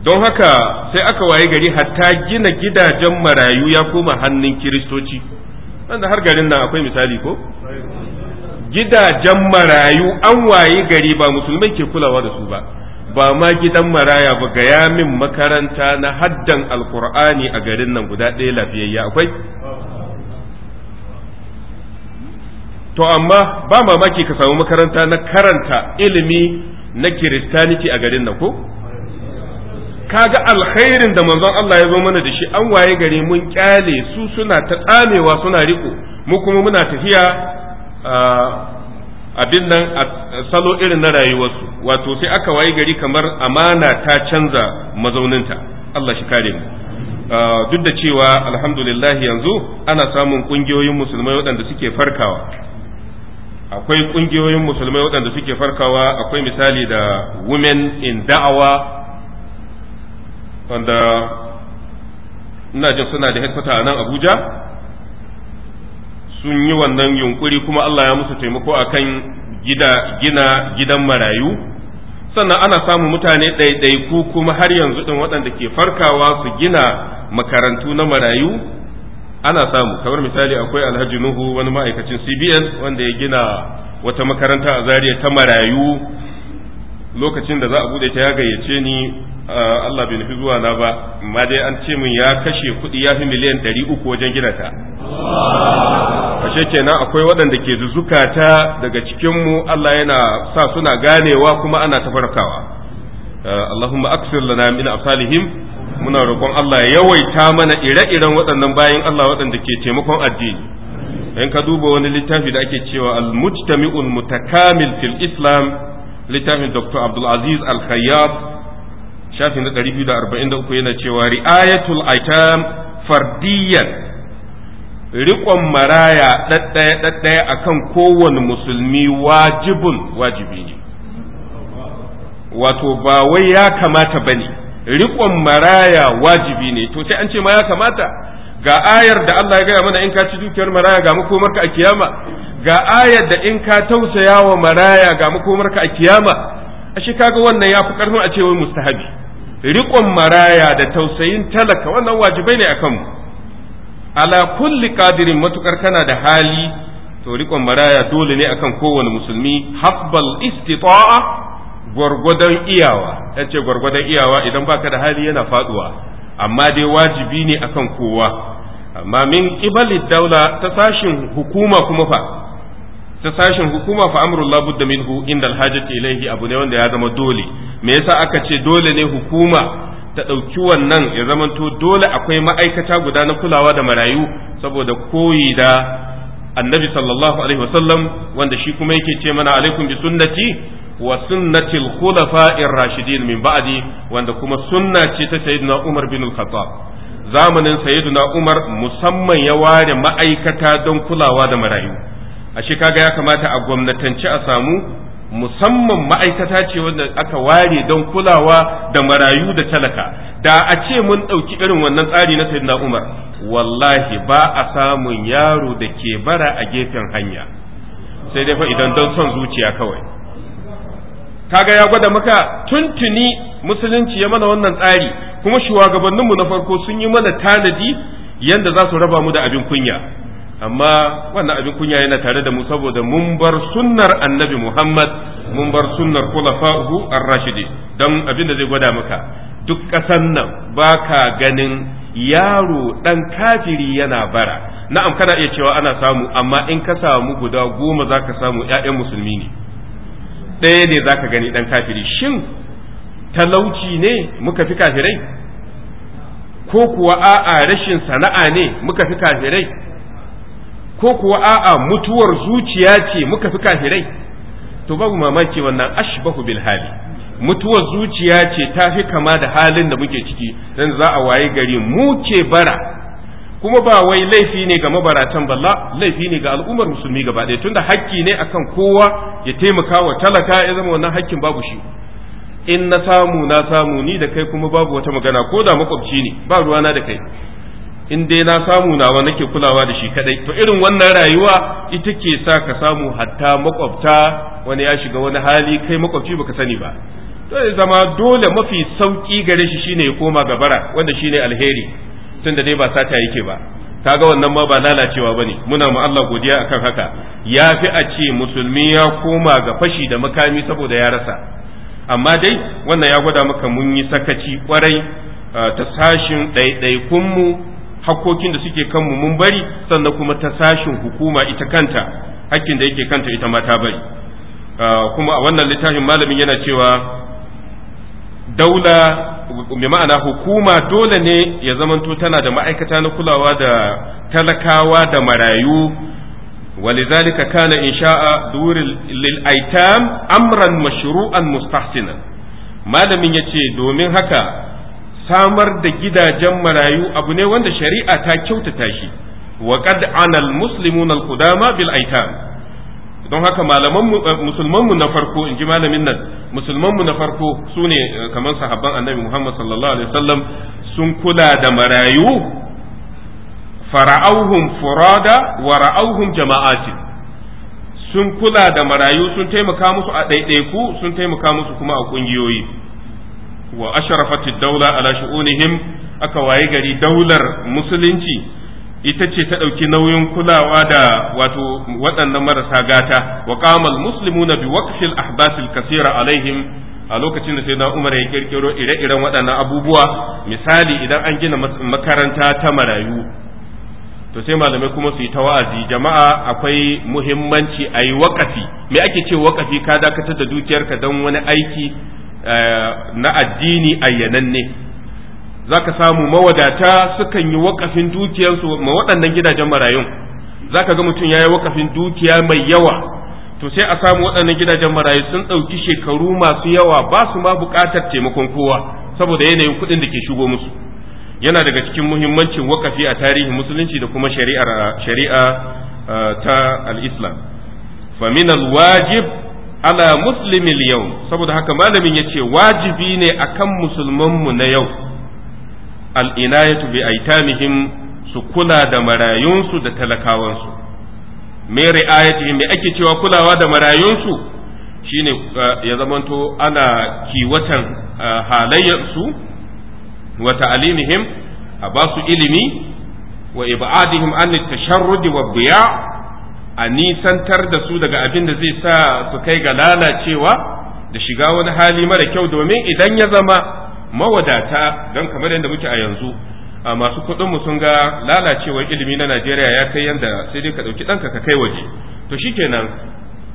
B: don haka sai aka waye gari hatta gina gidajen marayu ya koma hannun kiristoci wanda har garin nan akwai misali ko gidajen marayu an waye gari ba musulmai ke kulawa da su ba ba ma gidan maraya ba gaya min makaranta na haddan alkur'ani a garin nan guda ɗaya lafiyayya akwai to amma ba mamaki ka samu makaranta na karanta ilimi na kiristaniti a garin nan ko kaga alkhairin da manzon Allah ya zo mana da shi an waye gari mun kyale su suna ta tsamewa suna riko mu kuma muna tafiya ah, abin nan a salo irin na rayuwarsu wato sai aka wayi gari kamar amana ta canza mazauninta Allah shi kare mu ah, duk da cewa alhamdulillah yanzu ana samun kungiyoyin musulmai waɗanda suke farkawa akwai kungiyoyin musulmai waɗanda suke farkawa akwai misali da women in da'awa wanda ina jin suna da headquarter a nan Abuja sun yi wannan yunkuri kuma Allah ya musu taimako akan gida gina gidan marayu sannan ana samun mutane ɗaiɗaiku kuma har yanzu ɗin waɗanda ke farkawa su gina makarantu na marayu ana samu kamar misali akwai alhaji nuhu wani ma'aikacin cbn wanda ya gina wata makaranta a zariya ta marayu lokacin da za a bude ta ya gayyace ni Ah, Allah bai nufi zuwa na ba amma dai an ce min ya kashe kuɗi ya fi miliyan ɗari uku wajen gina ta ashe kenan akwai waɗanda ke zuzuka ta daga cikinmu Allah yana sa suna ganewa kuma ana tafarkawa ah, Allahumma aksir lana min afsalihim muna roƙon Allah ya yawaita mana ire-iren waɗannan bayan Allah waɗanda ke taimakon addini in ka duba wani littafi da ake cewa al-mujtami'ul mutakamil fil islam littafin Dr. Abdul Aziz biyu da 243 yana cewa ri'ayatul aitam fardiyan riƙon maraya ɗaɗɗaya ɗaɗɗaya kan kowane musulmi wajibun wajibi ne wato ba wai ya kamata ba ne riƙon maraya wajibi ne to sai an ce ma ya kamata ga ayar da Allah ya gaya mana in ka ci dukiyar maraya ga makomarka a kiyama ga ayar da in ka tausaya wa maraya ga makomarka a kiyama ashe kaga wannan ya fi ƙarfin a ce wai mustahabi riƙon maraya da tausayin talaka wannan wajibai ne akan mu ala kulli qadirin matukar kana da hali to riƙon maraya dole ne akan kowane musulmi habbal istita'a gwargwadon iyawa yace gwargwadon iyawa idan baka da hali yana faduwa amma dai wajibi ne akan kowa amma min qibali daula ta sashin hukuma kuma fa ta sashen hukuma fa amrul budda minhu inda hajati ilayhi abu ne wanda ya zama dole me yasa aka ce dole ne hukuma ta ɗauki wannan ya zamanto dole akwai ma'aikata guda na kulawa da marayu saboda koyi da annabi sallallahu alaihi wasallam wanda shi kuma yake ce mana alaikum bi sunnati wa sunnatil khulafa'ir rashidin min ba'di wanda kuma sunna ce ta sayyidina Umar bin al-Khattab zamanin sayyidina Umar musamman ya ware ma'aikata don kulawa da marayu ashe kaga ya kamata a gwamnatance a samu musamman ma'aikata ce wanda aka ware don kulawa da marayu da talaka da a ce mun ɗauki irin wannan tsari na sayyidina umar wallahi ba a samun yaro da ke bara a gefen hanya sai dai fa idan don son zuciya kawai kaga ya gwada maka tuntuni musulunci ya mana wannan tsari kuma shugabanninmu na farko sun yi mana tanadi yanda za su raba mu da abin kunya amma wannan abin kunya yana tare da mu saboda mun bar sunnar annabi Muhammad mun bar sunnar khulafa'uhu ar-rashidi dan abin da zai gwada maka duk ƙasan nan baka ganin yaro ɗan kafiri yana bara na'am kana iya cewa ana samu amma in ka samu guda goma zaka samu 'ya'yan musulmi ne ɗaya ne zaka gani ɗan kafiri shin talauci ne muka fi kafirai ko kuwa a'a rashin sana'a ne muka fi kafirai ko kuwa a'a mutuwar zuciya ce muka fi kafirai to babu mamaki wannan ashbahu bil hali mutuwar zuciya ce ta fi kama da halin da muke ciki dan za a waye gari mu ke bara kuma ba wai laifi ne ga mabaratan balla laifi ne ga al'ummar musulmi gaba ɗaya tunda hakki ne akan kowa ya taimaka wa talaka ya zama wannan hakkin babu shi in na samu na samu ni da kai kuma babu wata magana ko da makwabci ne ba ruwana da kai in dai na samu nawa nake kulawa da shi kadai to irin wannan rayuwa ita ke sa ka samu hatta makwabta wani ya shiga wani hali kai makwabci baka sani ba to ya zama dole mafi sauki gare shi shine ya koma gabara wanda shine alheri tunda dai ba sata yake ba kaga wannan ma ba lalacewa bane muna mu Allah godiya akan haka ya fi a ce musulmi ya koma ga fashi da makami saboda ya rasa amma dai wannan ya gwada maka mun yi sakaci kwarai ah, ta sashin ɗaiɗaikunmu hakkokin da suke kanmu mun bari sannan kuma ta sashin hukuma ita kanta hakkin da yake kanta ita ma ta bari ah, kuma a wannan littafin malamin yana cewa daula bi ma'ana hukuma dole ne ya zamanto tana da ma'aikata na kulawa da talakawa da marayu ولذلك كان إنشاء دور للأيتام أمرا مشروعا مستحسنا malamin ya ce domin haka samar da gidajen marayu abu ne wanda shari'a ta kyautata shi wa qad anal muslimuna al qudama bil aitam don haka malaman eh, mu na farko in malamin nan musulman mu na farko sune eh, kamar sahabban annabi muhammad sallallahu alaihi wasallam sun kula da marayu fara'auhum furada wa ra'auhum jama'atin sun kula da marayu sun taimaka musu a ɗaiɗaiku sun taimaka musu kuma a ƙungiyoyi wa ashrafat daula ala shu'unihim aka waye gari daular musulunci ita ce ta ɗauki nauyin kulawa da wato waɗannan marasa gata wa qamal muslimuna bi waqfil al kaseera alaihim a lokacin da sayyidina Umar ya kirkiro ire-iren waɗannan abubuwa misali idan an gina makaranta ta marayu to sai malamai kuma su yi ta wa'azi jama'a akwai muhimmanci a yi me ake ce wakafi ka dakatar da dukiyarka don wani aiki Eh, na addini ayyananne za ka samu mawadata sukan yi wakafin dukiyarsu ma waɗannan gidajen marayun za ka ga mutum ya yi wakafin dukiya mai yawa to sai a samu waɗannan gidajen marayu sun ɗauki shekaru masu yawa ba su ma buƙatar taimakon kowa saboda yanayin kuɗin da ke shigo musu yana daga cikin muhimmancin wakafi a tarihin musulunci da kuma shari'a eh, ta al-islam fa min al-wajib ala muslimil yau saboda haka malamin ya ce wajibi ne akan musulmanmu na yau al'inayatu bi aitamihim su kula da marayunsu da talakawansu me ri'ayatihim me ake cewa kulawa da marayunsu shine uh, ya zamanto ana kiwatan uh, halayyarsu wa ta'alimihim a ba ilimi wa ibadihim an tasharrudi wa biya a nisantar da su daga abin da zai sa su kai ga lalacewa da shiga wani hali mara kyau domin idan ya zama mawadata don kamar yadda muke a yanzu masu kuɗinmu sun ga lalacewar ilimi na najeriya ya kai yadda sai dai ka ɗauki ɗanka ka kai waje to shikenan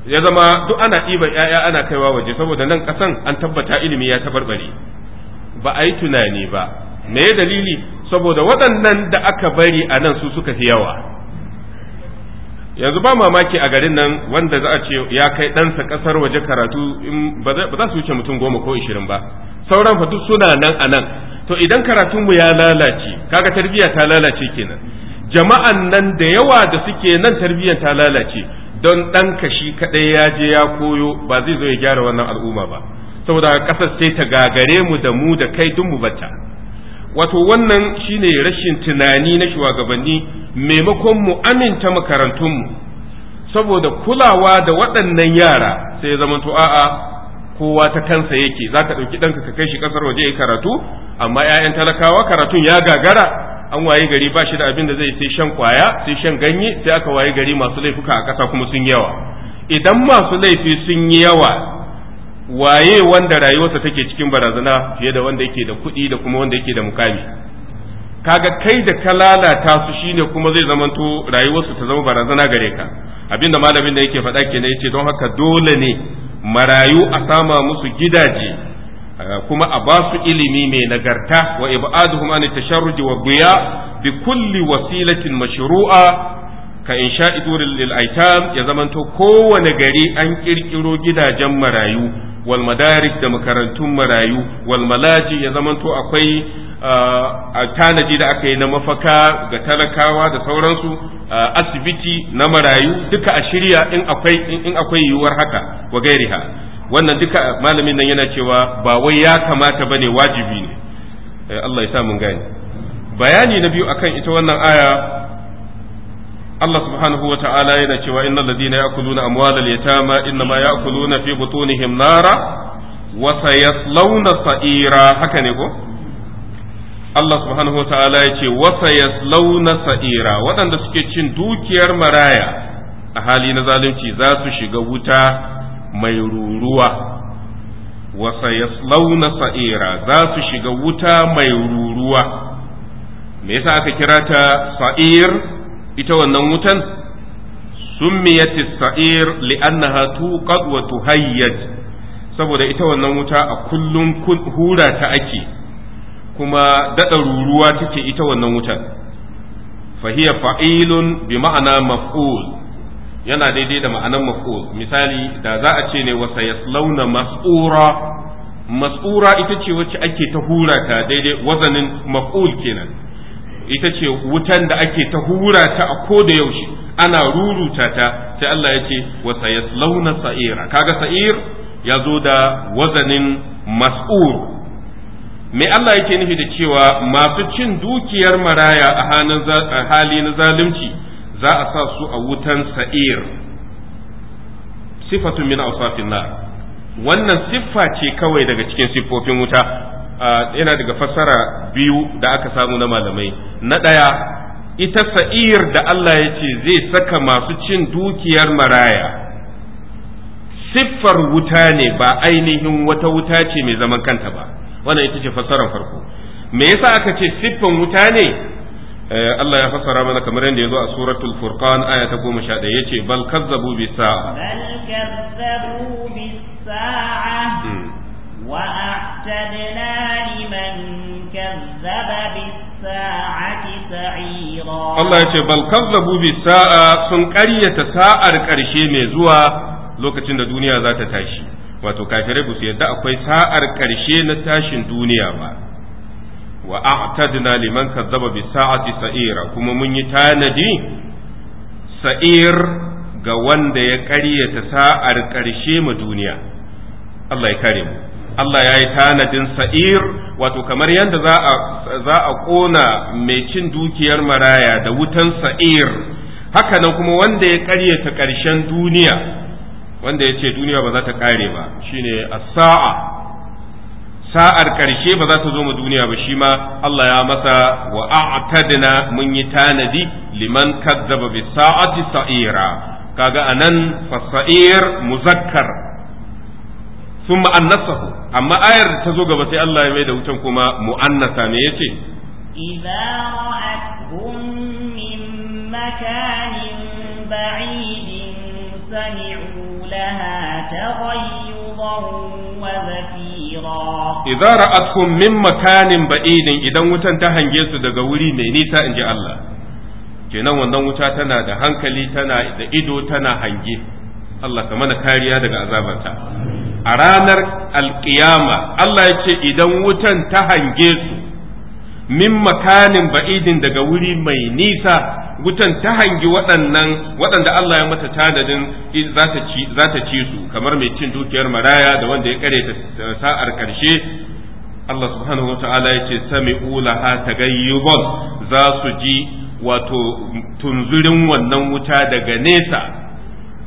B: ya zama duk ana ɗiban 'ya'ya ana kaiwa waje saboda nan ƙasan an tabbata ilimi ya tabarbare ba a yi tunani ba me dalili saboda waɗannan da aka bari a nan su suka fi yawa yanzu ba mamaki a garin nan wanda za a ce ya kai ɗansa ƙasar waje karatu ba za su wuce mutum goma ko ishirin ba sauran fa duk suna nan a nan to idan karatunmu ya lalace kaga tarbiyya ta lalace kenan jama'an nan da yawa da suke nan tarbiyyar ta lalace don ɗan kashi kaɗai ya je ya koyo ba zai zo ya gyara wannan al'umma ba saboda ƙasar sai ta gagare mu da mu da kai duk mu bata wato wannan shine rashin tunani na shugabanni maimakon mu aminta makarantunmu saboda kulawa da waɗannan yara sai ya zama a'a kowa ta kansa yake za ka ɗauki ɗanka ka kai shi ƙasar waje ya karatu amma 'ya'yan talakawa karatun ya gagara an waye gari ba shi da abin da zai sai shan kwaya sai shan ganye sai aka waye gari masu laifuka a ƙasa kuma sun yawa idan masu laifi sun yi yawa waye wanda rayuwarsa take cikin barazana fiye da wanda yake da kuɗi da kuma wanda yake da mukami kaga kai da ka lalata su shine kuma zai zamanto rayuwarsu ta zama barazana gare ka abinda malamin da yake faɗa kenan yace don haka dole ne marayu a sama musu gidaje eh, kuma a ba su ilimi mai nagarta wa ib'aduhum an tasharruj wa biya bi kulli wasilatin mashru'a ka in lil aitam ya zamanto kowane gari an kirkiro gidajen marayu wal da makarantun marayu wal ya zamanto akwai ah, a tanaji da aka yi na mafaka ga talakawa da sauransu asibiti na marayu duka a shirya in akwai in akwai yiwuwar haka wa gairiha wannan duka malamin nan yana cewa ba wai ya kamata bane wajibi ne eh, Allah ya sa mun gane bayani na biyu akan ita wannan aya Allah subhanahu wa ta'ala yana cewa innal ladina ya'kuluna amwalal yatama innama ya'kuluna fi butunihim nara wa sayaslawna sa'ira haka ne ko Allah subhanahu wa ta'ala ya ce wa sayaslawna sa'ira waɗanda suke cin dukiyar maraya a hali na zalunci za su shiga wuta mai ruruwa wa sayaslawna sa'ira za su shiga wuta mai ruruwa me yasa aka kira ta sa'ir ita wannan wutan summiyat as-sa'ir li'annaha tuqad wa tuhayyad saboda ita wannan wuta a kullun hura ta ake kuma dada ruruwa take ita wannan wutan fahiya fa'ilun bi ma'ana maf'ul yana daidai da ma'anan maf'ul misali da za a ce ne wa sayaslawna mas'ura mas'ura ita ce wacce ake ta hura ta daidai wazanin maf'ul kenan ita ce wutan da ake ta hura ta a ko da yaushe ana ruruta ta sai Allah ya ce wa sayaslawna sa'ira kaga sa'ir ya zo da wazanin mas'ur me Allah yake nufi da cewa masu cin dukiyar maraya a hali na zalunci za a sa su a wutan sa'ir sifatun min awsafin nar wannan siffa ce kawai daga cikin siffofin wuta yana daga fassara biyu da aka samu na malamai na ɗaya ita sa'ir da Allah ya ce zai saka masu cin dukiyar maraya siffar wuta ne ba ainihin wata wuta ce mai zaman kanta ba wannan ita ce fassarar farko me yasa aka ce siffan wuta ne eh, Allah ya fassara mana kamar yadda ya zo a suratul furqan aya ta goma sha ɗaya yace bal kazzabu bal
A: kazzabu bis hmm. وأعتدنا لمن كذب بالساعة سعيرا الله يقول بل
B: كذبوا بالساعة سنقرية ساعة كرشي ميزوها lokacin da duniya za ta tashi wato kafirai ba su yadda akwai sa'ar ƙarshe na tashin duniya ba wa a'tadna liman kazzaba bi sa'ati sa'ira kuma mun yi tanadi sa'ir ga wanda ya ƙaryata sa'ar ƙarshe ma duniya Allah ya kare mu Allah ya yi tanadin sa'ir wato kamar yadda za a ƙona mai cin dukiyar maraya da wutan sa'ir haka nan kuma wanda ya ƙaryata ƙarshen duniya wanda ya ce duniya ba za ta ƙare ba shine a saa sa'ar ƙarshe ba za ta zo ma duniya ba shi ma Allah ya masa wa a'tadna mun yi tanadi liman kazzaba bi sa'ati sa'ira kaga anan fa sa'ir muzakkar sun ma'annasahu amma ayar da ta zo gaba sai Allah ya mai da wutan kuma mu'annasa me yace
A: idza ra'atuhum min makanin ba'idin sami'u laha taghayyudan wa zafira
B: idza ra'atuhum min makanin ba'idin idan wutan ta hange su daga wuri mai nisa in ji Allah kenan wannan wuta tana da hankali tana da ido tana hange Allah ka mana kariya daga azabarta a ranar alkiyama Allah ya ce idan wutan ta hange su min makanin ba'idin daga wuri mai nisa wutan ta hangi waɗannan waɗanda Allah ya mata tanadin za ta ci su kamar mai cin dukiyar maraya da wanda ya kare ta eh, sa'ar ƙarshe Allah subhanahu wa ta'ala ya ce ha ta tagayyubun za su ji wato tunzurin wannan wuta daga nesa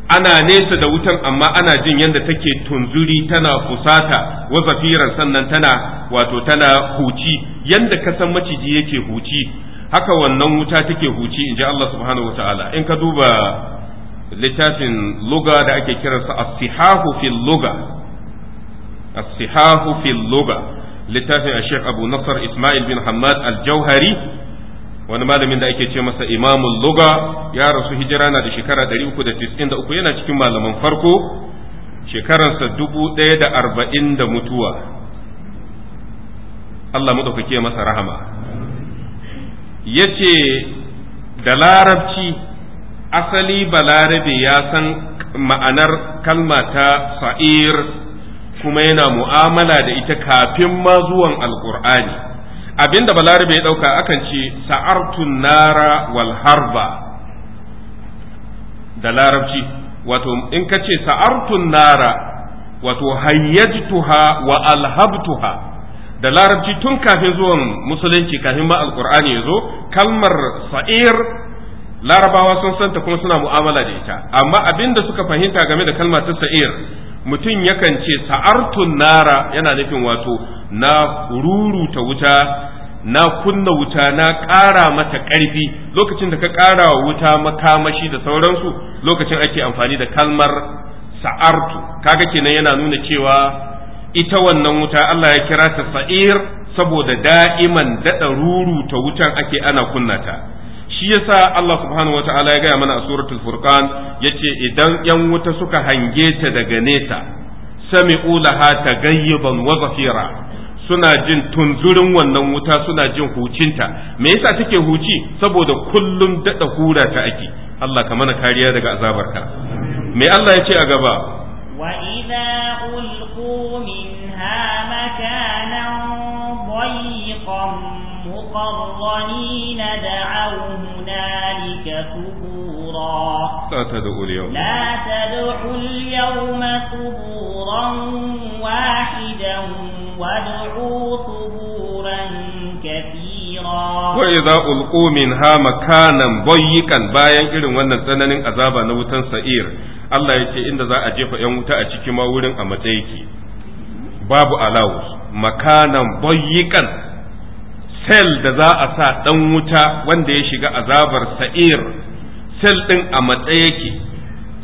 B: ana nesa da wutan amma ana jin yadda take tunzuri tana fusata wa sannan tana wato tana huci yadda ka san maciji yake huci haka wannan wuta take huci in ji Allah subhanahu in ka duba littafin luga da ake kiransa as-sihahu fil luga as-sihahu fil luga littafin Sheikh Abu Nasr Ismail bin Hammad al-Jauhari wani malamin da ake ce masa imamul luga ya rasu hijira na da shekara 393 yana cikin malaman farko shekararsa dubu ɗaya da arba'in da mutuwa Allah maɗaukake masa rahama ya ce da larabci asali balarabe ya san ma'anar kalma ta sa'ir kuma yana mu'amala da ita kafin ma zuwan alƙur'ani abinda balarabe ya dauka akan ce sa'artun nara wal harba da larabci wato in ka ce sa'artun nara wato hayyajtuha wa alhabtuha da larabci tun kafin zuwan musulunci kafin ma alqur'ani zo. kalmar sa'ir larabawa sun santa kuma suna mu'amala da ita amma abinda suka fahimta game da kalmar ta sa'ir mutum yakan ce sa'artun nara yana nufin wato na ruruta wuta na kunna wuta na ƙara mata ƙarfi lokacin da ka ƙara wa wuta makamashi da sauransu lokacin ake amfani da kalmar sa'artu kaga kenan yana nuna cewa ita wannan wuta Allah ya kira ta sa'ir saboda da'iman daɗa ruruta wutan ake ana kunnata. shi yasa Allah subhanahu wataala ya gaya mana a suratul furqan yace idan yan wuta suka hange ta daga nesa sami'u laha tagayyiban wa zafira suna jin tunzurin wannan wuta suna jin hucinta me yasa take huci saboda kullum dada hura ta ake Allah ka mana kariya daga azabarka me Allah ya ce a gaba
A: وإذا ألقوا منها مكانا ضيقا المقرنين دعوا هنالك ثبورا لا تدعوا اليوم لا تدعوا اليوم ثبورا واحدا وادعوا ثبورا كثيرا وإذا
B: ألقوا منها مكانا ضيقا باين إلى wannan tsananin أذابا نوتا wutan Allah ya ce inda za a jefa ‘yan wuta a cikin ma wurin a matsayi babu alawus makanan bayyikan sel da za a sa ɗan wuta wanda ya shiga azabar sa'ir sel ɗin a matsayi yake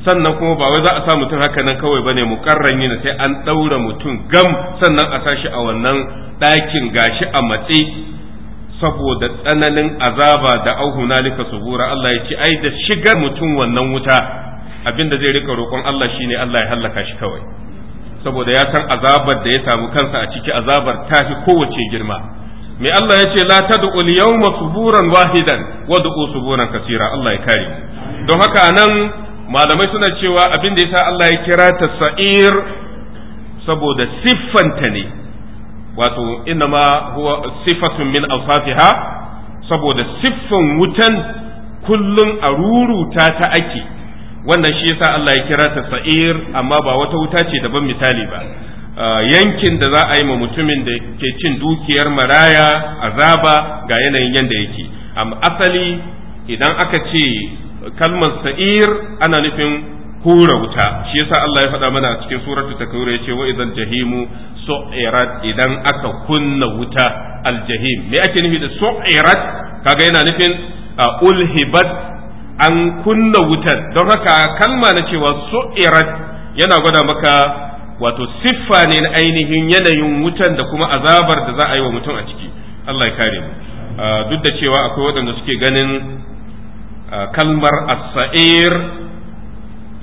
B: sannan kuma ba wai za a sa mutum haka nan kawai ba ne mukarran yin sai an ɗaura mutum gam sannan a sa shi a wannan ɗakin gashi a matse saboda tsananin azaba da auhu lika subura Allah ya ce ai da shigar mutum wannan wuta abinda zai rika roƙon Allah shine Allah ya hallaka shi kawai saboda ya san azabar da ya samu kansa a ciki azabar ta fi kowace girma mai Allah ya ce la tad'u al-yawma suburan wahidan wad'u suburan kaseera Allah ya kare don haka nan malamai suna cewa abin da sa Allah ya kira ta sa'ir saboda siffanta ne wato inma huwa sifatun min awsafiha saboda siffan wutan kullum a ruruta ta ake wannan shi yasa Allah ya kira ta sa'ir amma ba wata wuta ce daban misali ba yankin da za a yi ma mutumin da ke cin dukiyar maraya azaba ga yanayin yadda yake amma asali idan aka ce kalmar sa'ir ana nufin hura wuta shi yasa Allah ya faɗa mana a cikin suratul takwir ya ce wa idan jahimu su'irat idan aka kunna wuta aljahim me ake nufi da su'irat kaga yana nufin ulhibat an kunna wutar don haka kalma na cewa su'irat yana gwada maka wato siffa ne na ainihin yanayin wutan da kuma azabar da za a yi wa mutum a ciki Allah ya kare mu ah, duk da cewa akwai waɗanda suke ganin ah, kalmar as-sa'ir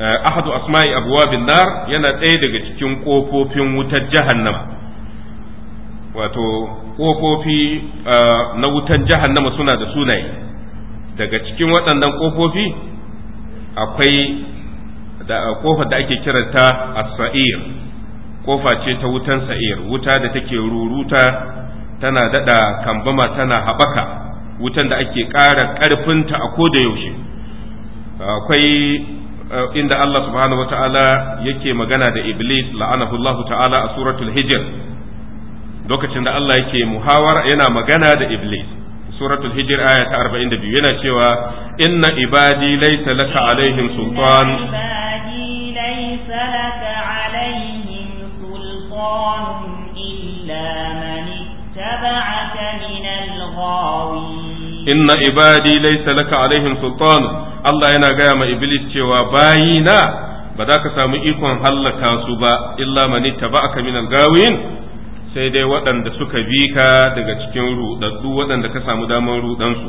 B: ah, ahadu asma'i abwabin nar yana ɗaya daga cikin ƙofofin wutar jahannama wato ƙofofi na wutar jahannama suna da sunaye daga cikin waɗannan ƙofofi akwai da kofar da ake kiranta as-sa'ir kofa ce ta wutan sa'ir wuta da take ruruta tana dada kambama tana haɓaka wutan da ake ƙara ƙarfinta a ko da yaushe akwai eh, inda Allah subhanahu ta'ala yake magana da iblis la'anahu ta'ala a suratul hijr lokacin da Allah yake muhawara yana magana da iblis suratul hijr aya ta 42 yana cewa inna ibadi laysa laka alaihim sultan
A: سلطان إلا من اتبعك من الغاوين
B: إن عبادي ليس لك عليهم سلطان الله ينا قام إبليس شوى باينا ba za ka samu ikon hallaka su ba illa mani taba'aka min algawin sai dai waɗanda suka bi ka daga cikin ruɗaɗɗu waɗanda ka samu damar ruɗansu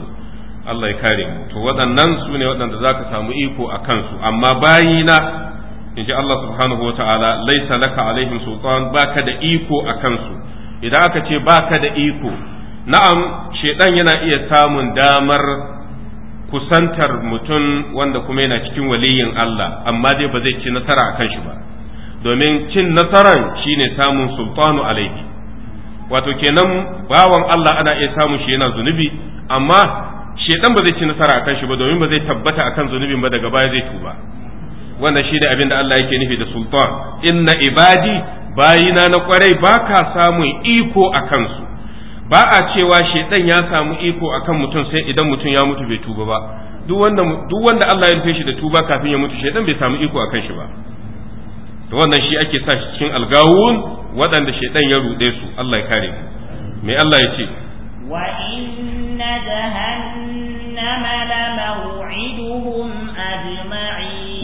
B: Allah ya kare mu to waɗannan su ne waɗanda za ka samu iko a kansu amma na. in ji Allah subhanahu wa ta'ala laisa laka alaihim sultan baka da iko a kansu idan aka ce baka da iko na'am shedan yana iya samun damar kusantar mutum wanda kuma yana cikin waliyin Allah amma dai ba zai ci nasara akan shi ba domin cin nasaran shine samun sultanu alaihi wato kenan bawan Allah ana iya samun shi yana zunubi amma shedan ba zai ci nasara akan shi ba domin ba zai tabbata akan zunubin ba daga baya zai tuba wannan shi da abin da Allah yake nufi da sultan inna ibadi bayina na kwarai ba ka samun iko a kansu ba a cewa shaidan ya samu iko a kan mutum sai idan mutum ya mutu bai tuba ba duk wanda Allah ya rufe shi da tuba kafin ya mutu shaidan bai samu iko a kan shi ba to wannan shi ake sa cikin algawun waɗanda shaidan ya rude su Allah ya kare mu me Allah ya ce
A: wa inna jahannam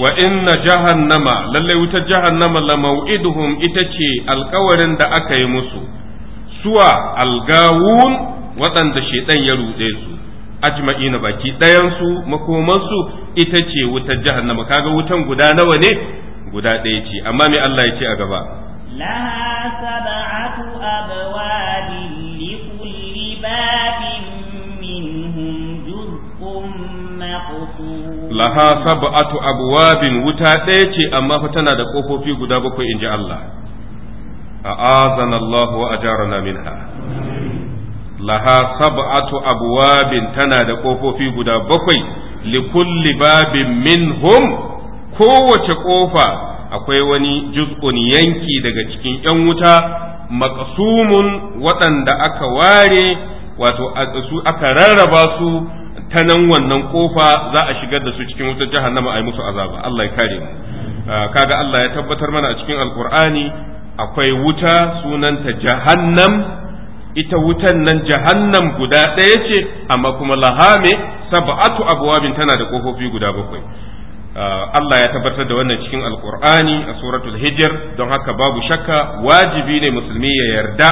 B: wa inna jahannama lalle wutar jahannama la mau'iduhum ita ce alkawarin da aka yi musu suwa algawun waɗanda shedan ya ruɗe su ajma'ina baki ɗayansu makomansu ita ce wutar jahannama kaga wutan guda nawa ne guda ɗaya ce amma me Allah ya ce a gaba
A: laha sab'atu abwabin li kulli babin laha
B: sab'atu abwabin wuta ɗaya ce amma fa tana da kofofi guda bakwai in ji Allah a'azana Allah wa ajarana minha laha sab'atu abwabin tana da kofofi guda bakwai li kulli babin minhum kowace ƙofa. akwai wani juz'un yanki daga cikin yan wuta maqsumun waɗanda aka ware wato su aka rarraba su ta nan wannan kofa za a shigar da su cikin wutar jahannama a yi musu azaba Allah ya kare mu ah, kaga Allah ya tabbatar mana a cikin alkur'ani akwai wuta sunanta jahannam ita wutan nan jahannam guda ɗaya ce amma kuma lahame sab'atu abwabin tana da kofofi guda bakwai ah, Allah ya tabbatar da wannan cikin alkur'ani a suratul hijr don haka babu shakka wajibi ne musulmi ya yarda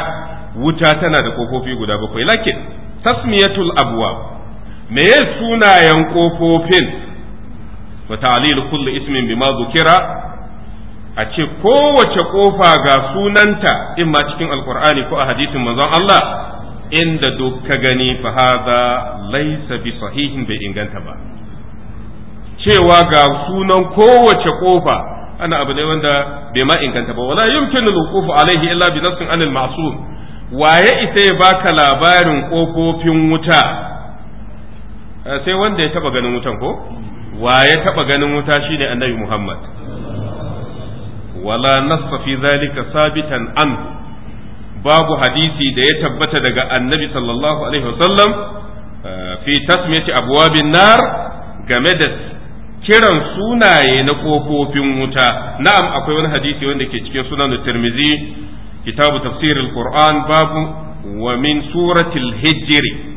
B: wuta tana da kofofi guda bakwai lakin tasmiyatul abwab me sunayen kofofin wa ta'lil kulli ismin bima dhukira a ce kowace kofa ga sunanta in ma cikin alkur'ani ko a hadisin manzon Allah inda duk ka gani fa hadha laysa bi sahihin bai inganta ba cewa ga sunan kowace kofa ana abu ne wanda bai ma inganta ba wala yumkinu al-wuquf alayhi illa bi nassin anil ma'sum waye ita ya baka labarin kofofin wuta Eh, sai wanda ya taba ganin wutan ko wa ya taba ganin wuta shine annabi Muhammad wala nassa fi zalika sabitan an babu hadisi da ya tabbata daga annabi sallallahu alaihi wasallam eh, fi tasmiyati abwabin nar game da kiran sunaye na kofofin wuta na'am akwai wani hadisi wanda ke cikin sunan Tirmidhi kitabu tafsir al-Qur'an babu wa min suratil hijri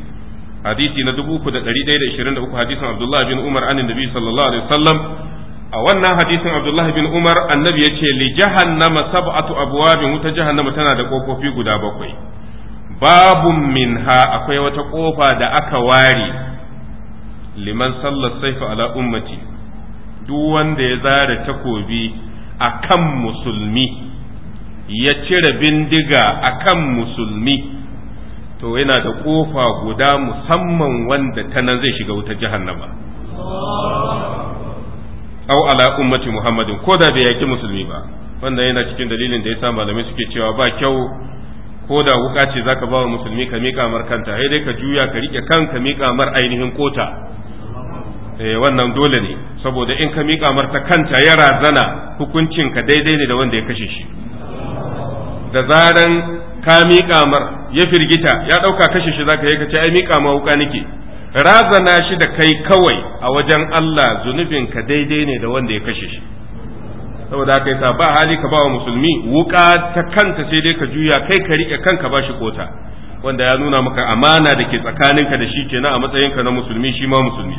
B: hadisi na dubu da da da ishirin uku hadisin Abdullahi bin Umar anin Nabi sallallahu alaihi wasallam a wannan hadisin Abdullahi bin Umar annabi ce li jahannama sab'atu abwabin wuta jahannama tana da kofofi guda bakwai babun minha akwai wata kofa da aka ware liman sallar saifa ala ummati duk wanda ya zara takobi akan musulmi ya cire bindiga akan musulmi to yana da ƙofa guda musamman wanda ta nan zai shiga wutar jahannama au ala ummati muhammadin ko da bai yaki musulmi ba Wannan yana cikin dalilin da ya malamai suke cewa ba kyau ko da wuka ce zaka ba wa musulmi ka miƙa mar kanta sai dai ka juya ka rike kan ka miƙa mar ainihin kota eh wannan dole ne saboda in ka miƙa mar ta kanta ya razana hukuncin ka daidai ne da wanda ya kashe shi da zaran ka miƙa mar ya firgita ya ɗauka kashe shi zaka yi ka ce ai miƙa ma wuka nake razana shi da kai kawai a wajen Allah zunubin ka daidai ne da wanda ya kashe shi saboda haka yasa ba hali ka ba wa musulmi wuƙa ta kanta sai dai ka juya kai ka riƙe kanka ba shi kota wanda ya nuna maka amana da ke tsakaninka da shi kenan a matsayinka na musulmi shi ma musulmi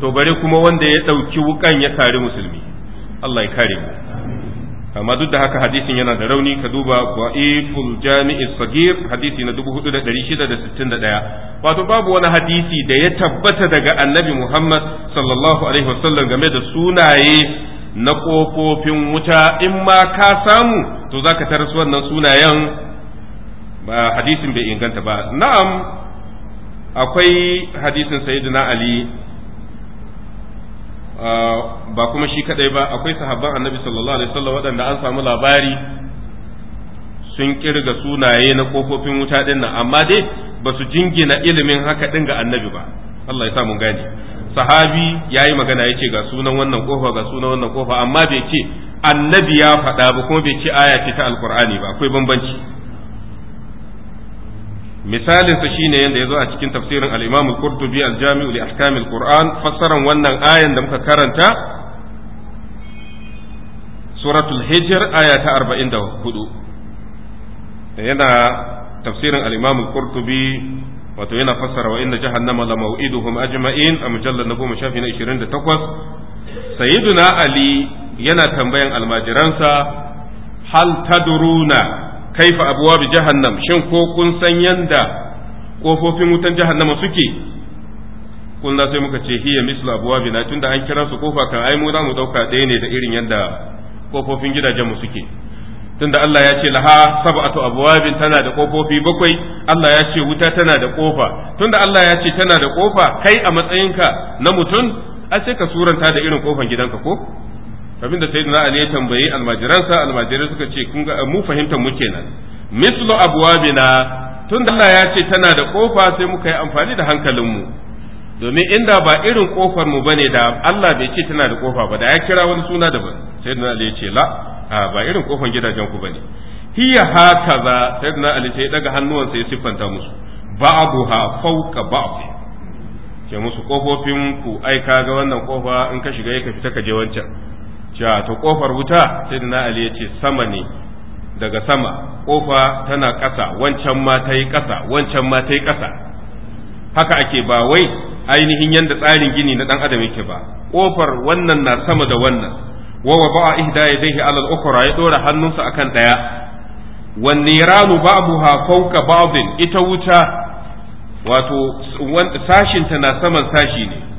B: to bare kuma wanda ya ɗauki wukan ya tari musulmi Allah ya kare mu amma duk da haka hadisin yana da rauni ka duba ba'iful jami'is sagir hadisi na 4661 wato babu wani hadisi da ya tabbata daga annabi Muhammad sallallahu alaihi wasallam game da sunaye na kofofin wuta in ma ka samu to zaka su wannan sunayen ba hadisin bai inganta ba na'am akwai hadisin sayyidina Ali ba kuma shi kadai ba akwai sahabban annabi sallallahu alaihi wasallam waɗanda an samu labari sun kirga sunaye na kofofin wuta din nan amma dai ba su jingina ilimin haka din ga annabi ba Allah ya sa mun gane sahabi yayi magana yace ga sunan wannan kofa ga sunan wannan kofa amma bai ce annabi ya faɗa ba kuma bai ce aya ce ta alqur'ani ba akwai bambanci misalin sa shine yanda yazo a cikin tafsirin al-Imam al-Qurtubi al li ahkam al-Qur'an fassaran wannan ayan da muka karanta suratul hijr aya ta 44 yana tafsirin al-Imam al-Qurtubi wato yana fassara wa inna jahannama la maw'iduhum ajma'in a mujallad na goma shafi na 28 sayyiduna ali yana tambayan almajiransa hal tadruna kaifa abuwa bi jahannam shin ko kun san yanda kofofin wutan jahannama suke kulna sai muka ce hiya mislu abuwa na tunda an kira su kofa kan ai mu za mu dauka ɗaya ne da irin yanda kofofin gidajen mu suke tunda Allah ya ce laha sab'atu abwabin tana da kofofi bakwai Allah ya ce wuta tana da kofa tunda Allah ya ce tana da kofa kai a matsayinka na mutum a ce ka suranta da irin kofan gidanka ko abin da sayyidina ali ya tambayi almajiransa almajirai suka ce kun ga mu fahimtar mu kenan mislu abwabina tun da Allah ya ce tana da kofa sai muka yi amfani da hankalin mu. domin inda ba irin kofar mu bane da Allah bai ce tana da kofa ba da ya kira wani suna daban sayyidina ali ya ce la ba irin kofar gidajen ku bane hiya hakaza sayyidina ali sai daga hannuwansa ya siffanta musu ha fawqa ba'd ke musu kofofin ku ai kaga wannan kofa in ka shiga ka fita ka je wancan ja ta kofar wuta sai na ali ya sama ne daga sama kofa tana ƙasa wancan ma ta ƙasa wancan ma ta ƙasa haka ake ba wai ainihin yadda tsarin gini na ɗan adam yake ba kofar wannan na sama da wannan wa wa ba'a ihda yadayhi ala al-ukhra ya dora hannunsa akan daya wan niranu ba'daha fawqa ba'din ita wuta wato sashin ta na saman sashi ne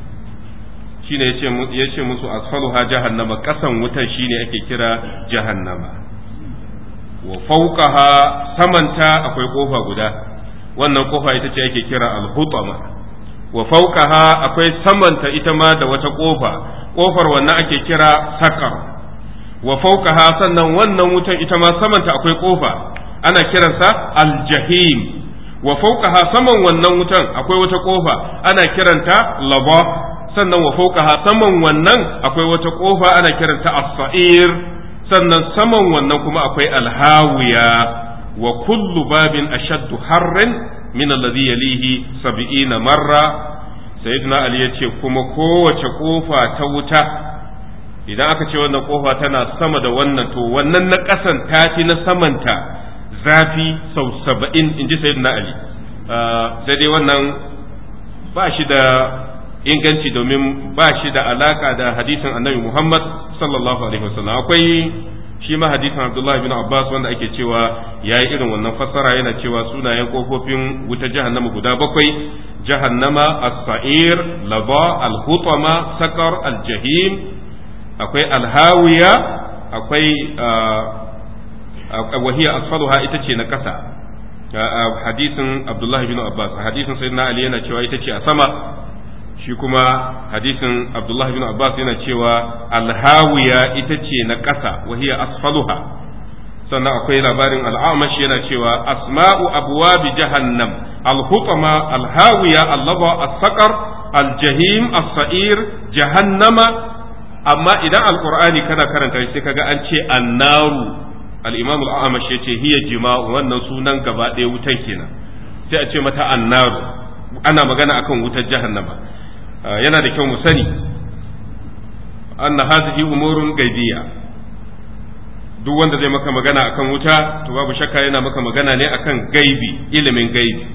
B: shine yace musu asfaluha jahannama kasan wutar shine ake kira jahannama wa fawqaha samanta akwai kofa guda wannan kofa ita ce ake kira al-hutama wa fawqaha akwai samanta ita ma da wata kofa kofar wannan ake kira sakar wa fawqaha sannan wannan wutar ita ma samanta akwai kofa ana kiransa al-jahim wa fawqaha saman wannan wutan akwai wata kofa ana kiranta laba sannan wa saman wannan akwai wata kofa ana kiranta as-sa'ir sannan saman wannan kuma akwai al-hawiya wa kullu babin ashaddu harrin min alladhi yalihi sab'ina marra sayyidina ali yace kuma kowace kofa ta wuta idan aka ce wannan kofa tana sama da wannan to wannan na kasan ta fi na samanta zafi sau 70 inji sayyidina ali ah, sai dai wannan ba shi da inganci domin ba shi da alaka da hadisin annabi Muhammad sallallahu alaihi wasallam akwai shi ma hadisin Abdullah ibn Abbas wanda ake cewa yayi irin wannan fassara yana cewa sunayen kofofin wuta jahannama guda bakwai jahannama as-sa'ir laba al-hutama sakar al-jahim akwai al-hawiya akwai ah, ah, wahiya asfaluha ita ce na kasa ah, hadisin Abdullah ibn Abbas hadisin sayyidina Ali yana cewa ita ce a sama shi kuma hadisin abdullahi bin abbas yana cewa alhawiya ita ce na ƙasa wahiya asfaluha sannan akwai labarin al'amashi yana cewa asma'u abwabi jahannam alhutama alhawiya allaba as aljahim asa'ir jahannama amma idan alqur'ani kana karanta shi kaga an ce annaru al-imam al ce, yace hiya jima'u wannan sunan gaba ɗaya wutan kenan sai a ce mata annaru ana magana akan wutar jahannama Ah, yana da kyau mu sani anna hadhihi umurun gaibiyya duk wanda zai maka magana akan wuta to babu shakka yana maka magana ne akan gaibi ilimin gaibi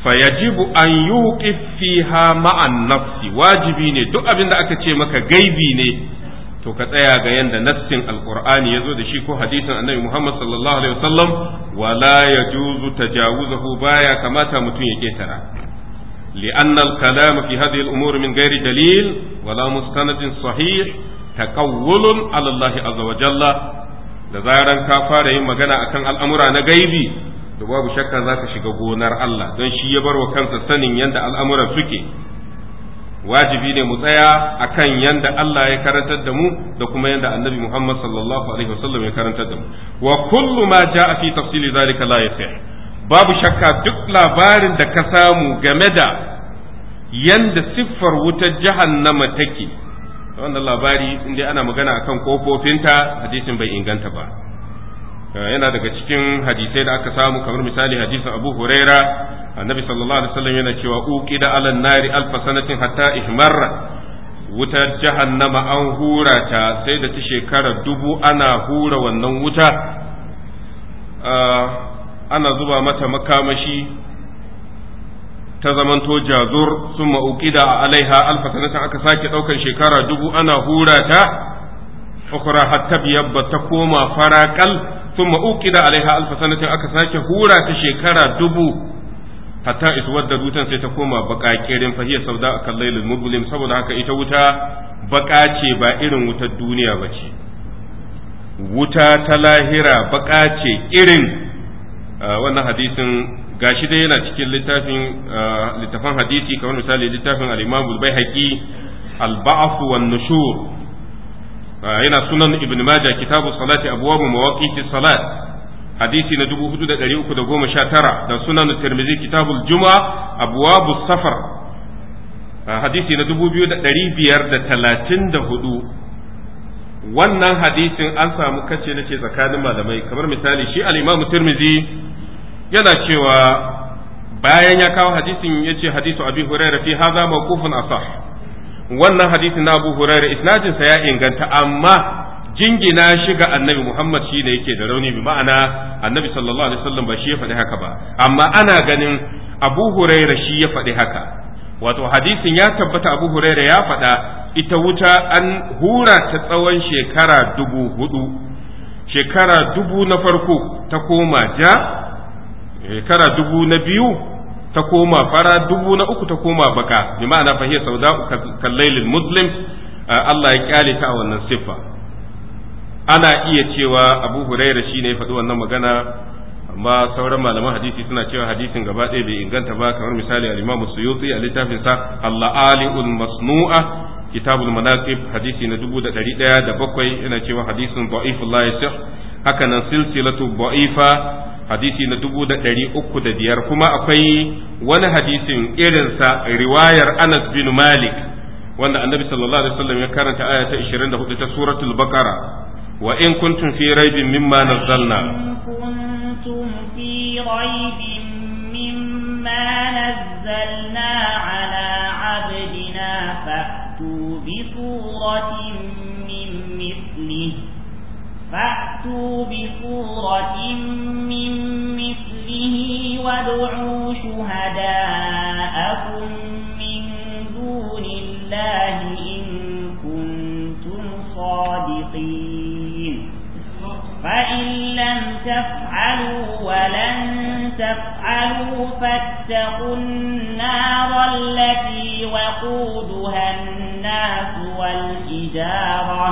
B: fayajibu an yuqif fiha ma'an nafsi wajibi ne duk abin da aka ce maka gaibi ne to ka tsaya ga yanda nassin alqur'ani yazo da shi ko hadisin annabi Muhammad sallallahu alaihi wasallam wala yajuzu tajawuzuhu baya kamata mutum ya ketara لأن الكلام في هذه الأمور من غير دليل ولا مستند صحيح تقول على الله عز وجل da zaran ka fara yin magana akan al'amura na gaibi da babu shakka za ka shiga gonar Allah don shi ya bar wa kansa sanin yadda al'amuran suke wajibi ne mu tsaya akan yadda Allah ya karantar da mu da kuma yadda annabi Muhammad sallallahu alaihi wasallam ya karantar da mu wa kullu ma a fi tafsili zalika la yasih babu shakka duk labarin da ka samu game da yanda siffar wutar jahannama take wannan labari inda ana magana akan kofofinta hadisin bai inganta ba eh, yana daga cikin hadisai da aka samu kamar misali hadisin abu huraira annabi sallallahu alaihi wasallam yana cewa uqida alan nari alf sanatin hatta ihmarra wutar jahannama an hura ta sai da ta shekara dubu ana hura wannan wuta ah, ana zuba mata makamashi ta zamanto jazur sun ma'uƙida a alaiha alfasanatan aka sake ɗaukar shekara dubu ana hura ta ukura hatta biyabba ta koma faraƙal sun ma'uƙida alaiha alfasanatan aka sake hura ta shekara dubu hatta isuwar da dutan sai ta koma baƙaƙirin fahiyar sauda a kan lailin mublim saboda haka ita wuta baƙa ce ba irin wutar duniya ba ce wuta ta lahira baƙa ce irin Ah, wannan hadisin gashi dai yana cikin littafin ah, littafan hadisi kamar misali littafin al-Imam al-Baihaqi al-Ba'f wa nushur ah, yana sunan Ibn Majah kitabu salati abwab mawaqiti salat hadisi na 4319 da sunan Tirmidhi al Juma abwab safar hadisi na 2534 wannan hadisin an samu kace nace tsakanin malamai kamar misali shi al-Imam Tirmidhi yana cewa bayan ya kawo hadisin ya ce hadisu abi huraira fi haza mawqufun asah wannan hadisin na abu huraira isnadin ya inganta amma jingina shiga annabi Muhammad shi ne yake da rauni bi ma'ana annabi sallallahu alaihi wasallam ba shi ya faɗi haka ba amma ana ganin Abu Huraira shi ya faɗi haka wato hadisin ya tabbata Abu Huraira ya faɗa ita wuta an hura ta tsawon shekara dubu hudu shekara dubu na farko ta koma ja shekara dubu na biyu ta koma fara dubu na uku ta koma baka bi ma'ana sau hiya ku kallailin muslim Allah ya kyale ta a wannan siffa ana iya cewa Abu huraira shi ne faɗi wannan magana amma sauran malaman hadisi suna cewa hadisin gaba ɗaya bai inganta ba kamar misali a imam Suyuti a littafin sa al Masnu'a Kitabul Manaqib hadisi na dubu da da ɗaya bakwai yana cewa hadisin da'if la yasih haka silsilatu da'ifa hadisi na dubu da ɗari uku da biyar kuma akwai wani hadisin irinsa riwayar anas bin malik wanda annabi sallallahu alaihi wasallam ya karanta aya ta 24 ta suratul baqara wa in kuntum fi raibin mimma nazzalna
A: kuntum fi raibin mimma nazzalna ala abdina fa'tu bi suratin min mithlihi fa'tu bi suratin فاتقوا النار التي وقودها الناس والحجارة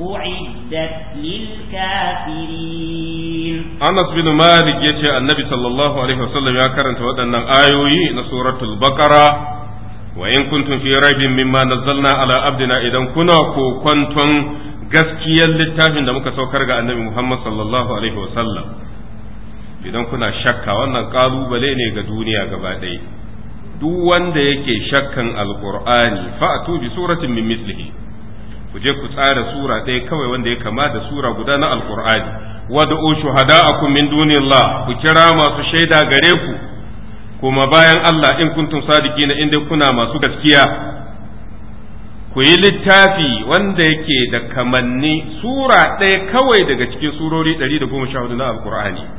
A: أعدت للكافرين
B: أنس بن مالك يتي النبي صلى الله عليه وسلم يا كرنت ودنا آيوي سورة البقرة وإن كنتم في ريب مما نزلنا على عبدنا إذا كنا كنتم gaskiyar littafin da muka saukar ga annabi Muhammad sallallahu alaihi wasallam idan kuna shakka wannan kalubale ne ga duniya gaba ɗaya duk wanda yake shakkan alqur'ani fa bi suratin min mislihi ku je ku tsara sura ɗaya kawai wanda ya kama da sura guda na alqur'ani wad'u a min dunillah ku kira masu shaida gare ku kuma bayan Allah in kuntum sadiqina inda kuna masu gaskiya ku yi littafi wanda yake da kamanni sura ɗaya kawai daga cikin surori da hudu na alqur'ani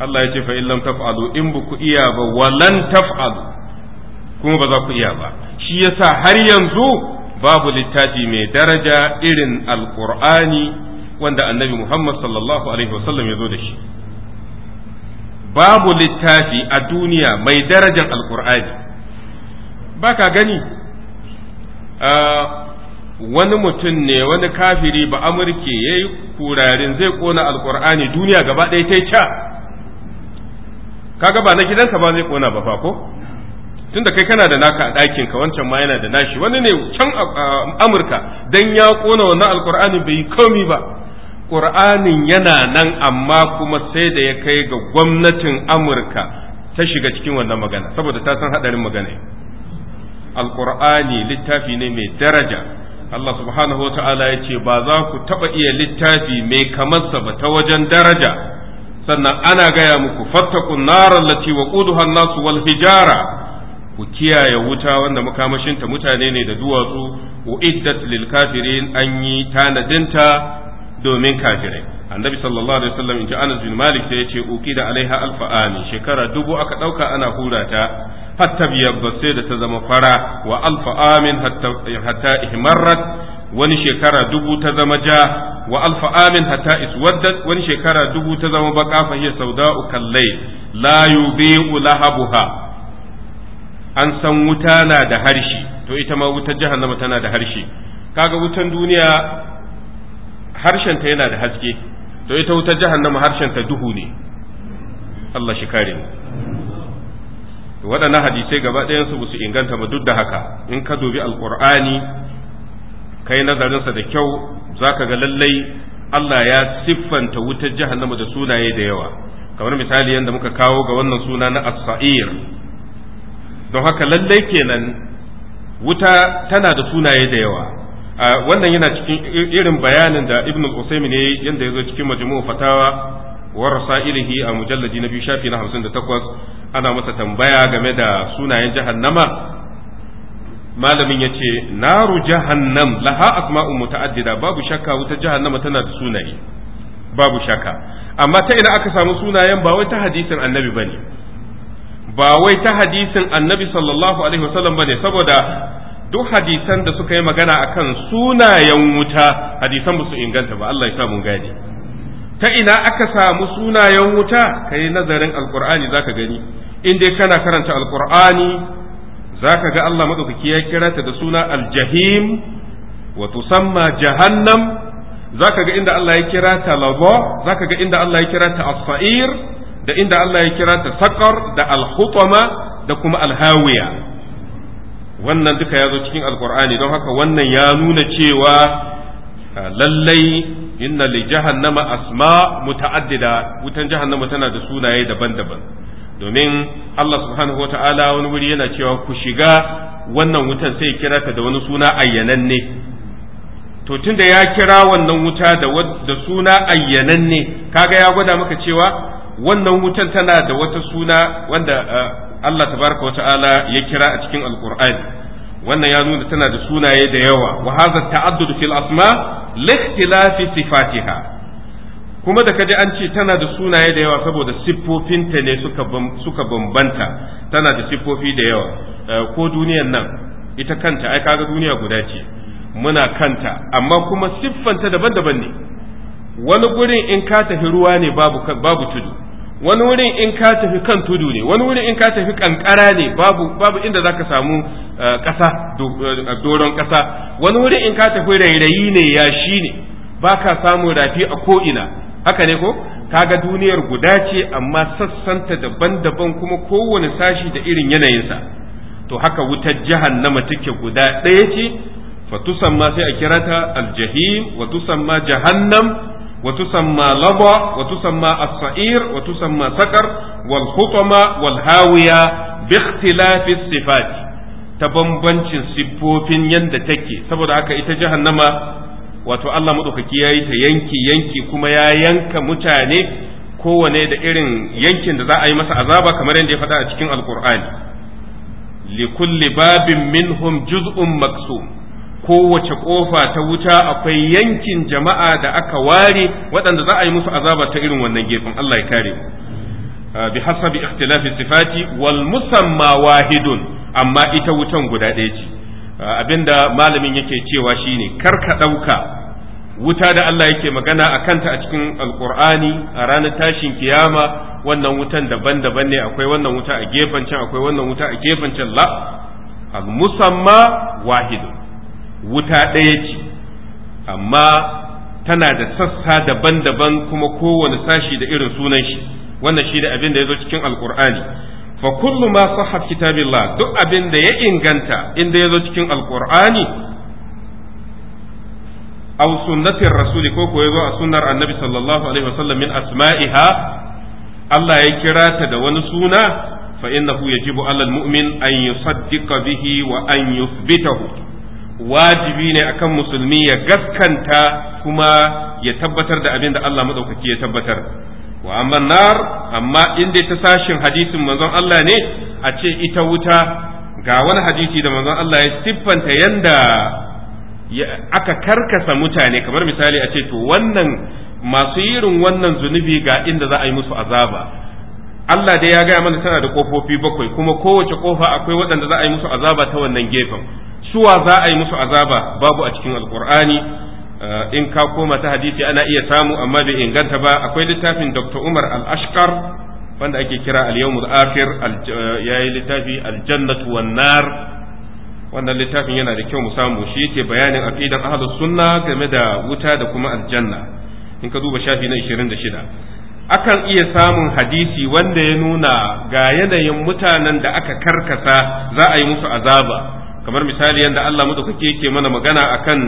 B: Allah ya ce fa illam taf'alu in ba ku iya ba walan taf'alu kuma ba za ku iya ba shi yasa har yanzu babu littafi mai daraja irin alqur'ani wanda annabi Muhammad sallallahu alaihi wasallam ya zo da shi babu littafi a duniya mai darajar alqur'ani baka gani ah, wani mutum ne wani kafiri ba amurke ya yi kurarin zai kona alkur'ani duniya gaba ɗaya ta ca kaga ba na gidanka ba zai kona ba fa ko tunda kai kana da naka a ɗakin ka wancan ma yana da nashi wani ne can Amurka dan ya kona wannan alqur'ani bai yi komi ba qur'anin yana nan amma kuma sai da ya kai ga gwamnatin Amurka ta shiga cikin wannan magana saboda ta san hadarin magana alqur'ani littafi ne mai daraja Allah subhanahu wa ta'ala ya ce ba za ku taɓa iya littafi mai kamarsa ba ta wajen daraja sannan ana gaya muku fattakun naran lati wa quduhan nasu wal hijara ku kiyaye wuta wanda makamashinta mutane ne da duwatsu uiddat lil kafirin an yi tanadinta
A: domin kafirai
B: annabi sallallahu alaihi wasallam in ji anas bin malik sai yace uqida alaiha alfa ani shekara dubu aka dauka ana hura ta hatta biyabba sai da ta zama fara wa alfa amin hatta ihmarrat wani shekara dubu ta zama ja wa alfa amin hatta iswaddat wani shekara dubu ta zama baka fa hiya sauda'u kallai la yubi'u lahabuha an san wuta na da harshe to ita ma wutar jahannama tana da harshe kaga wutan duniya harshen ta yana da haske to ita wutar jahannama harshen ta duhu ne Allah shi kare waɗannan hadisai gaba ɗayansu ba su inganta ba duk da haka in ka dubi alƙur'ani kai nazarinsa da kyau zaka ga lallai Allah ya siffanta wutar jahannama da sunaye da yawa kamar misali yadda muka kawo ga wannan suna na as-sa'ir don haka lallai kenan wuta tana da sunaye da yawa wannan yana cikin irin bayanin da ibn al-usaymi ne zo yazo cikin majmu'u fatawa wa rasailihi a mujallaji na biyu shafi na 58 ana masa tambaya game da sunayen jahannama malamin ya ce naru jahannam laha asma'u muta'addida babu shakka wuta jahannama tana da sunaye babu shakka amma ta ina aka samu sunayen ba wai ta hadisin annabi bane ba wai ta hadisin annabi sallallahu alaihi wasallam bane saboda duk hadisan da suka yi magana akan sunayen wuta hadisan ba su inganta ba Allah ya sa mun gane ta ina aka samu sunayen wuta kai nazarin alqur'ani zaka gani in dai kana karanta alqur'ani zaka ga Allah madaukaki ya kira ta da suna aljahim wa tusamma jahannam ka ga inda Allah ya kira ta labo ka ga inda Allah ya kira ta da inda Allah ya kira ta da al da kuma al-hawiya wannan duka ya zo cikin alkur'ani don haka wannan ya nuna cewa ah, lallai inna li jahannama asma muta'addida wutan jahannama tana da sunaye daban-daban domin Allah subhanahu ta'ala wani wuri yana cewa ku shiga wannan wutan sai kira ta da wani suna ayyananne to tunda ya kira wannan wuta da suna ayyananne kaga ya gwada maka cewa wannan wutan tana da wata suna wanda uh, Allah tabaraka ta'ala ya kira a cikin Alkur'an, wannan ya nuna tana da sunaye da yawa wa hadha ta'addudu fil asma li ikhtilafi sifatiha kuma da kaji an ce tana da sunaye da yawa saboda siffofinta ne suka bambanta tana da siffofi da yawa eh, ko duniyan nan ita kanta ai kaga duniya guda ce muna kanta amma kuma siffanta daban-daban ne wani gurin in ka tafi ruwa ne babu tudu wani wurin in ka tafi kan tudu ne wani wurin in ka tafi kankara ne babu babu inda zaka samu eh, ƙasa eh, doron ƙasa wani wurin in ka tafi rairayi ne yashi ne baka samu rafi a ko ina haka ne ko kaga duniyar guda ce amma sassanta daban-daban kuma kowane sashi da irin yanayinsa to haka wutar jahannama take guda ɗaya ce fa tusamma sai a kira ta aljahim wa tusamma jahannam wa tusamma laba wa tusamma as-sa'ir wa tusamma saqar wal hutama wal hawiya bi ikhtilafi ta bambancin siffofin yanda take saboda haka ita jahannama wato Allah ya yayi ta yanki yanki kuma ya yanka mutane kowane da irin yankin da za a yi masa azaba kamar yadda ya faɗa a cikin alkur'ani likulli babin minhum juz'un maksum kowace kofa ta wuta akwai yankin jama'a da aka ware waɗanda za a yi musu azaba ta irin wannan gefen Allah ya kare mu ah, bi hasabi ikhtilafi sifati wal musamma wahidun amma ita wutan guda ɗaya ce abinda malamin yake cewa shine kar ka ɗauka wuta da Allah yake magana a kanta a cikin alkur'ani a ranar tashin kiyama wannan wutan daban-daban ne akwai wannan wuta a gefen can akwai wannan wuta a gefen can la al musamma wahidu wuta ɗaya ce amma tana da sassa daban-daban kuma kowane sashi da irin sunan shi wannan shi da abin da ya zo cikin alkur'ani fa kullu ma sahha kitabillah duk abin da ya inganta inda ya zo cikin alqur'ani aw sunnatir rasuli ko ko yazo a sunnar annabi sallallahu alaihi wasallam min asma'iha Allah ya kira ta da wani suna fa innahu yajibu alal mu'min an yusaddiqa bihi wa an yuthbitahu wajibi ne akan musulmi ya gaskanta kuma ya tabbatar da abin da Allah madaukaki ya tabbatar wa amma nar amma in dai ta sashin hadisin manzon Allah ne a ce ita wuta ga wani hadisi da manzon Allah ya siffanta yanda aka karkasa mutane kamar misali a ce to wannan masu irin wannan zunubi ga inda za a yi musu azaba Allah dai ya gaya mana tana da kofofi bakwai kuma kowace kofa akwai waɗanda za a yi musu azaba ta wannan gefen suwa za a yi musu azaba babu a cikin alkur'ani Eh, in ka koma ta hadisi ana iya samu amma bai inganta ba akwai littafin Dr. Umar al ashkar wanda ake kira Al-Yawm Al-Akhir eh, yayi littafi Al-Jannatu wan Nar wannan littafin yana da kyau mu samu shi yake bayanin aqidan ahlus sunna game da wuta da kuma aljanna in ka duba shafi na 26 akan iya samun hadisi wanda ya nuna ga yanayin mutanen da aka karkasa za a yi musu azaba kamar misali yadda Allah madaukake yake mana magana akan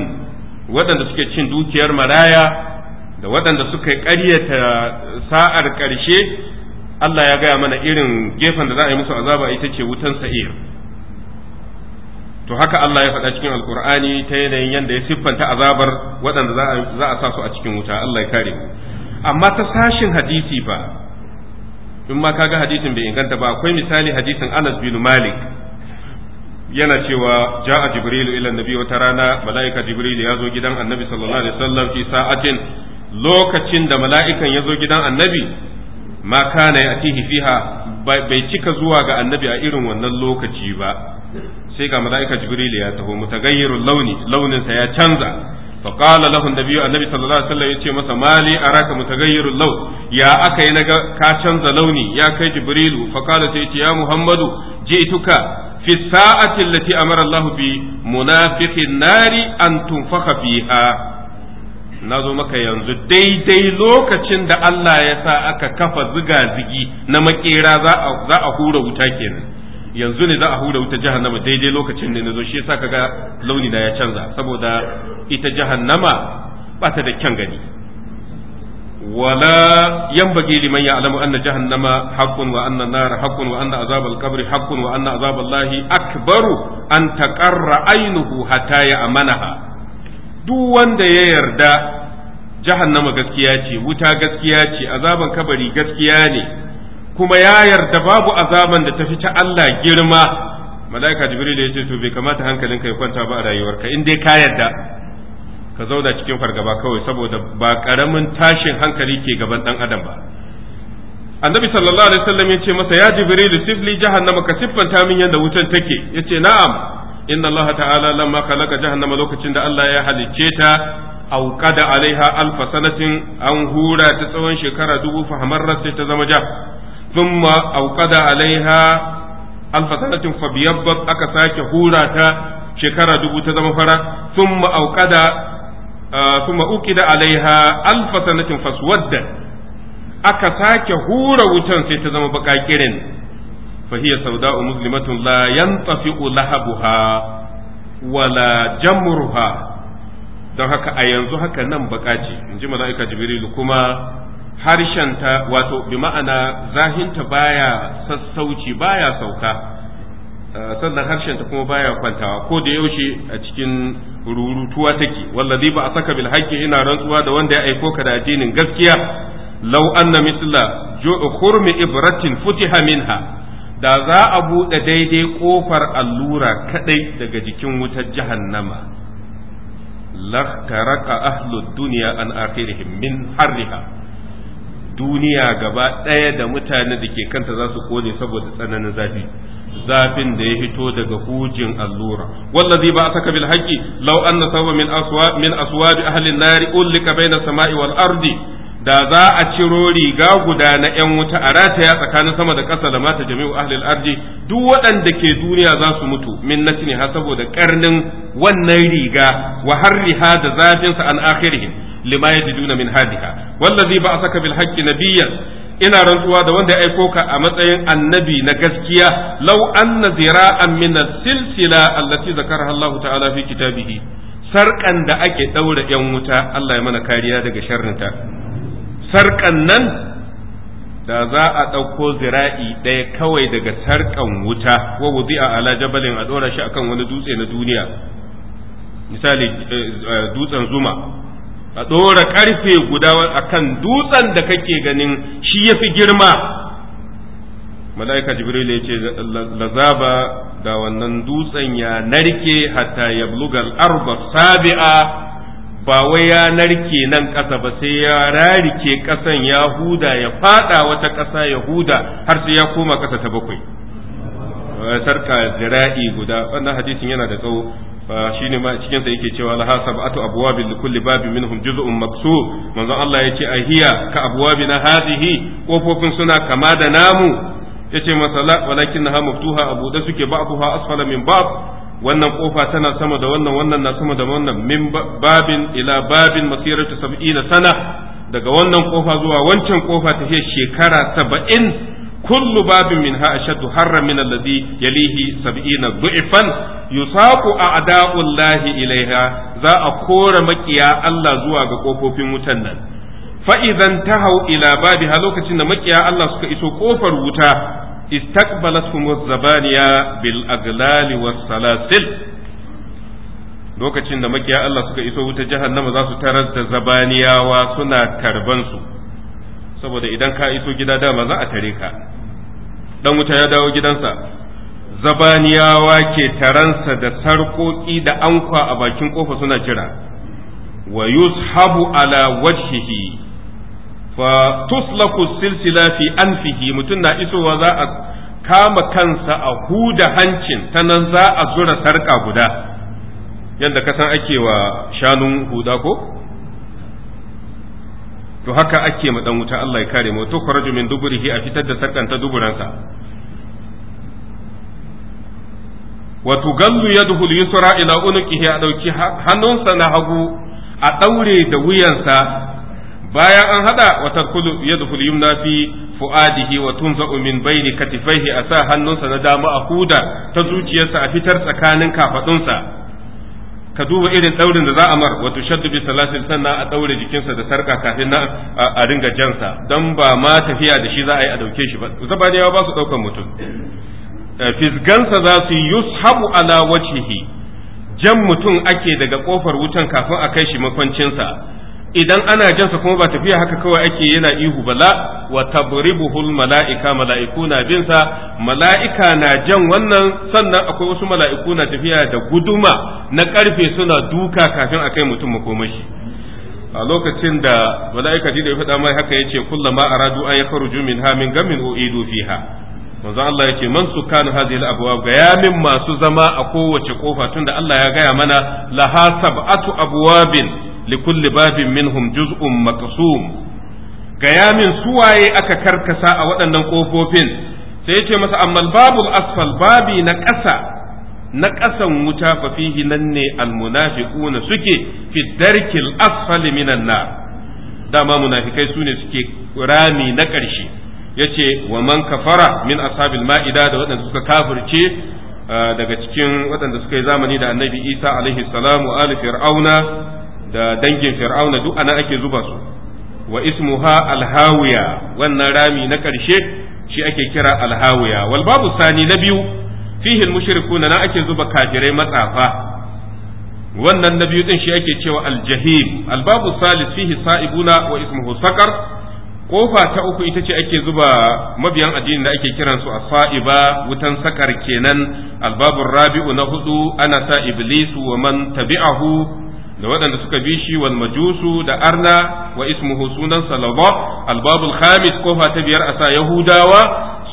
B: waɗanda suke cin dukiyar maraya da waɗanda suka ƙaryata sa'ar ƙarshe Allah ya gaya mana irin gefen da za a yi musu azaba ita ce wutan sa'ir to haka Allah ya faɗa cikin alkur'ani ta yanayin yadda ya siffanta azabar waɗanda za a sa su a cikin wuta Allah ya kare amma ta sashin hadisi ba in ma kaga hadisin bai inganta ba akwai misali hadisin Anas bin Malik
A: yana cewa ja'a jibrilu ila nabi wata rana mala'ika jibrilu ya zo gidan annabi sallallahu alaihi wasallam fi sa'atin lokacin da mala'ikan ya zo gidan annabi
B: ma kana tihi fiha bai cika zuwa ga annabi a irin wannan lokaci ba sai ga mala'ika jibrilu ya taho mutagayyirul launi launin sa ya canza fa qala lahu annabi annabi sallallahu alaihi wasallam yace masa mali araka mutagayyirul laun ya aka yi naga ka canza launi ya kai jibrilu fa qala sai yace ya muhammadu ji'tuka fi sa'ati allati amara Allah bi munafiqin nari an tunfakha fiha na zo maka yanzu daidai lokacin da Allah ya sa aka kafa ziga-zigi na maƙera za a hura wuta kenan yanzu ne za a hura wuta jahannama daidai lokacin da na zo shi yasa kaga launi na ya canza saboda ita jahannama ba ta da kyan gani ولا ينبغي لمن يعلم أن جهنم حق وأن النار حق وأن عذاب القبر حق وأن عذاب الله أكبر أن تقر عينه حتى يأمنها duk wanda ya yarda jihar nama gaskiya ce wuta gaskiya ce azaban kabari gaskiya ne kuma ya yarda babu azaban da tafi ta Allah girma mala'ika jibril ya ce to bai kamata hankalinka ya kwanta ba a rayuwarka in dai ka yarda ka zauna cikin fargaba kawai saboda ba karamin tashin hankali ke gaban dan adam ba annabi sallallahu alaihi wasallam ya ce masa ya jibril sifli jahannama ka siffanta min yadda wutan take yace na'am inna allaha ta'ala lamma khalaqa jahannama lokacin da Allah ya halicce ta qada alaiha alf sanatin an hura ta tsawon shekara dubu fa hamarrat sai ta zama ja thumma qada alaiha alf sanatin fa biyabbat aka sake hura ta shekara dubu ta zama fara thumma qada kuma uki da alaiha alfa sanatin faswadda aka sake hura wutan sai ta zama baka kirin fahiya sauda'u muslimatun la yantafi'u lahabuha wala jamruha don haka a yanzu haka nan baka ce in ji mala'ika jibril kuma harshenta wato bi ma'ana zahinta baya sassauci baya sauka sannan harshenta kuma baya kwantawa ko da yaushe a cikin rurutuwa take wallazi ba a saka bil haqqi ina rantsuwa da wanda ya aiko ka da addinin gaskiya law anna mithla khurmi ibratin futiha minha da za a bude daidai kofar allura kadai daga jikin wutar jahannama lahtaraka ahlu dunya an akhirihim min harriha duniya gaba ɗaya da mutanen da ke kanta za su kone saboda tsananin zafi zafin da ya fito daga hujin allura wallazi ba saka bil haqqi law anna sawba min aswab min aswab ahli an-nar ulika bayna samai wal ardi da za a ciro riga guda na yan wuta a rataya tsakanin sama da ƙasa da mata jami'u ahli al-ardi duk waɗanda ke duniya za su mutu min natni ha saboda karnin wannan riga wa harriha da zafin sa an akhirihim lima yajiduna min hadiha wallazi ba saka bil haqqi nabiyyan ina rantsuwa da wanda ya aiko ka a matsayin annabi na gaskiya law anna zira'an min silsila allati zakarha Allah ta'ala fi kitabihi sarkan da ake daura yan wuta Allah ya mana kariya daga sharrinta sarkan nan da za a ɗauko zira'i ɗaya kawai daga sarkan wuta wa wudi'a ala jabalin a ɗora shi akan wani dutse na duniya misali eh, eh, dutsen zuma a ɗora ƙarfe guda a kan dutsen da kake ganin shi ya fi girma mala'ika jibril ya ce lazaba da wannan dutsen ya narke hatta ya blugal arba sabi'a ba wai ya narke nan ƙasa ba sai ya rarike ƙasan yahuda ya fada wata ƙasa yahuda har sai ya koma ƙasa ta bakwai sarka jira'i guda wannan hadisin yana da tsawo ne ma cikin sa yake cewa la hasabatu abwabin li kulli babin minhum juz'un maqsu manzon Allah yace hiya ka na hadhihi kofofin suna kama da namu yace masala walakin ha maftuha abu da suke ba'dha asfala min ba'd wannan kofa tana sama da wannan wannan na sama da wannan min babin ila babin masiratu sab'ina sana daga wannan kofa zuwa wancan kofa ta shekara 70 Kun lubabin Muniha'a Shatu harammi na Ladi ya lihi saba'in na du'e fan yusa ku a adaun lahi ilaiha za kora maƙiya Allah zuwa ga kofofin wutan nan. Fa'izan ta hau ila babi ha lokacin da maƙiya Allah suka iso ƙofar wuta is ta kbalastin wasu zabaniya bil agalali wasu salasin. Lokacin da maƙiya Allah suka iso wuta, jihannama za su tarar da zabaniyawa suna tarbansu saboda idan ka iso gida, dama za a tare ka. dan wuta ya dawo gidansa zabaniyawa ke taransa da sarƙoƙi da anka a bakin ƙofa suna jira wa yushabu ala wajhihi fa tuslaku silsila fi anfihi mutum na isowa za a kama kansa a huda hancin ta nan za a zura sarƙa guda yadda kasan ake wa shanun huda ko to haka ake ma dan wuta Allah ya kare mu to kharaju min duburihi a fitar da sarkanta duburansa wa tugallu yadhul yusra ila unqihi a dauki hannunsa na hagu a daure da wuyansa bayan an hada wa tadkhulu yadhul yumna fi fuadihi wa tunza'u min bayni katifaihi asa hannunsa na dama a huda ta zuciyarsa a fitar tsakanin kafadunsa ka duba irin daurin da za a mar wato shaddu bi salatin sannan a daure jikinsa da sarka kafin na a ringa jansa dan ba ma tafiya da shi za a yi a dauke shi ba zabaniyawa ba su daukan mutum eh, fisgansa za su yushabu ala wajhihi jan mutum ake daga kofar wutan kafin a kai shi makwancinsa idan ana jansa kuma ba tafiya haka kawai ake yana ihu bala wa tabribuhul mala'ika mala'iku na binsa mala'ika na jan wannan sannan akwai wasu mala'iku na tafiya da guduma na karfe suna duka kafin a kai mutum makomashi a lokacin da mala'ika da ya faɗa mai haka yace kullama aradu an yakhruju minha min gamin uidu fiha manzo Allah yace man kan hadhihi al-abwab ga min masu zama a kowace kofa tunda Allah ya gaya mana laha sab'atu abwabin likulli babin minhum juz'un maqsum gaya min waye aka karkasa a waɗannan ƙofofin sai yace masa ammal babul asfal babi na ƙasa na ƙasan wuta fa fihi nan ne almunafiquna suke fi darkil asfali minan nar dama munafikai sune ne suke rami na ƙarshe yace wa man kafara min ashabil ma'ida da waɗanda suka kafurce ah, daga cikin waɗanda suka yi zamani da annabi isa alaihi salamu ali fir'auna da dangin fir'auna duk ana ake zuba su wa ismuha alhawiya wannan rami na ƙarshe shi ake kira alhawiya wal babu sani na biyu fihin mushrikuna na ake zuba kafirai matsafa wannan na biyu din shi ake cewa aljahim albabu salis fihi sa'ibuna wa ismuhu sakar kofa ta uku ita ce ake zuba mabiyan addini da ake kiran su as wutan sakar kenan albabun rabi'u na hudu ana sa Iblis wa man tabi'ahu da waɗanda suka bi shi wal majusu da arna wa ismuhu sunansa salaba albabul khamis kofa ta biyar a sa yahudawa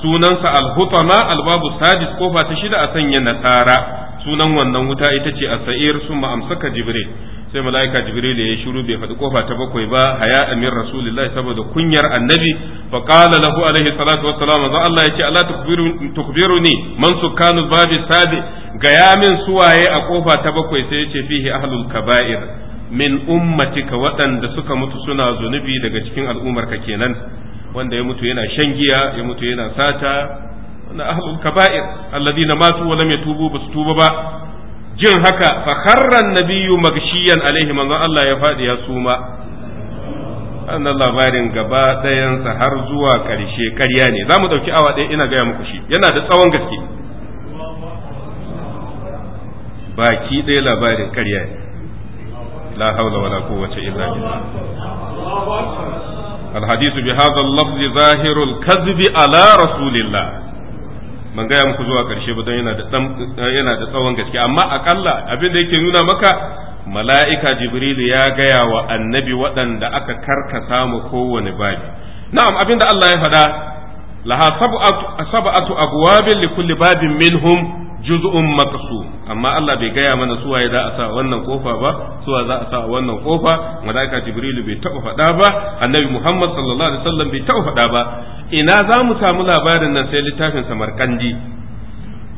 B: sunansa alhutama albabu sadis kofa ta shida a sanya nasara sunan wannan wuta ita ce asair sun amsaka jibril sai mala'ika jibril ya shiru bai faɗi kofa ta bakwai ba haya amir rasulillahi saboda kunyar annabi fa qala lahu alaihi salatu wassalam za Allah yace Allah tukbiru tukbiruni man sukanu babi sabi gaya min suwaye a kofa ta bakwai sai yace fihi ahlul kaba'ir min ummatika waɗanda suka mutu suna zunubi daga cikin al'ummarka kenan wanda ya mutu yana shan giya ya mutu yana sata wannan ahlul kaba'ir alladina matu wa lam yatubu basu tuba ba jin haka fa kharran nabiyyu magshiyan alaihi manzo Allah ya fadi ya suma annan labarin gaba ɗayansa har zuwa ƙarshe karya ne za mu ɗauki awa ɗaya ina gaya muku shi yana da tsawon gaske baki ɗaya labarin ƙarya ne la haula wala quwwata illa billah hadha al-lafz zahiru al على ala rasulillah man gaya muku zuwa ƙarshe ba don yana da tsawon gaske amma akalla abin da yake nuna maka mala'ika jibrilu ya gaya wa annabi waɗanda aka karkasa mu kowane babi na'am abin da Allah ya faɗa laha sab'atu abwabin li kulli babin minhum juz'un maqsu amma Allah bai gaya mana waye za a sa wannan kofa ba suwa za a sa wannan kofa malaika jibrilu bai taba fada ba annabi muhammad sallallahu alaihi wasallam bai taba fada ba ina za mu samu labarin nan sai littafin samarkandi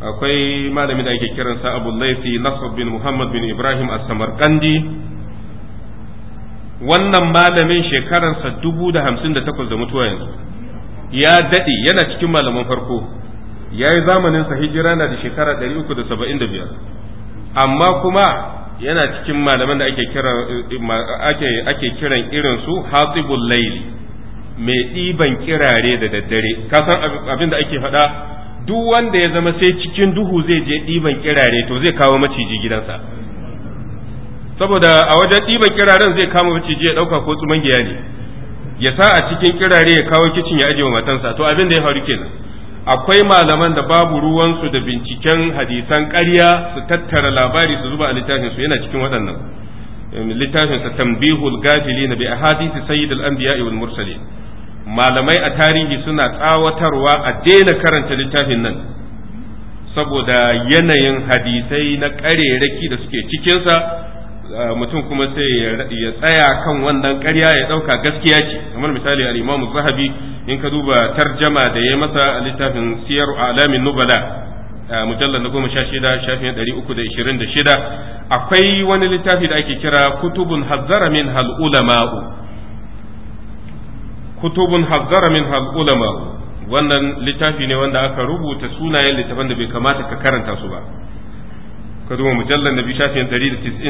B: akwai malami da ake kiransa abu laifi nasr bin muhammad bin ibrahim as-samarkandi wannan malamin shekararsa dubu da hamsin da takwas da mutuwa yanzu ya daɗe yana cikin malaman farko ya yi zamaninsa hijira na da shekara 375 amma kuma yana cikin malaman da ake kiran ake kiran irin su hatibul layli mai ɗiban kirare da daddare kasan abin da ake faɗa duk wanda ya zama sai cikin duhu zai je ɗiban kirare to zai kawo maciji gidansa saboda a wajen ɗiban kiraren zai kama maciji ya ɗauka ko tsumangiya ne ya sa a cikin kirare ya kawo kicin ya ajiye matansa to abin da ya faru kenan akwai malaman da babu ruwansu da binciken hadisan ƙarya su tattara labari su zuba a littafinsu yana cikin waɗannan littafinsa tambihul gafili na bi a hadisi sayyidul anbiya wal mursali malamai a tarihi suna tsawatarwa a daina karanta littafin nan saboda yanayin hadisai na ƙarerraki da suke cikinsa Eh, mutum kuma sai ya tsaya kan wannan ƙarya ya ɗauka gaskiya ce kamar misali al Zahabi in ka duba tarjama da ya masa a littafin Siyar Alamin Nubala eh, mujallar na goma sha shida shafin ɗari uku da ishirin da shida akwai wani littafi da ake kira kutubun hazzara min hal ulama'u kutubun hazzara min hal ulama'u wannan littafi ne wanda aka rubuta sunayen littafan da bai kamata ka karanta su ba ka duba mujallar nabi shafin dari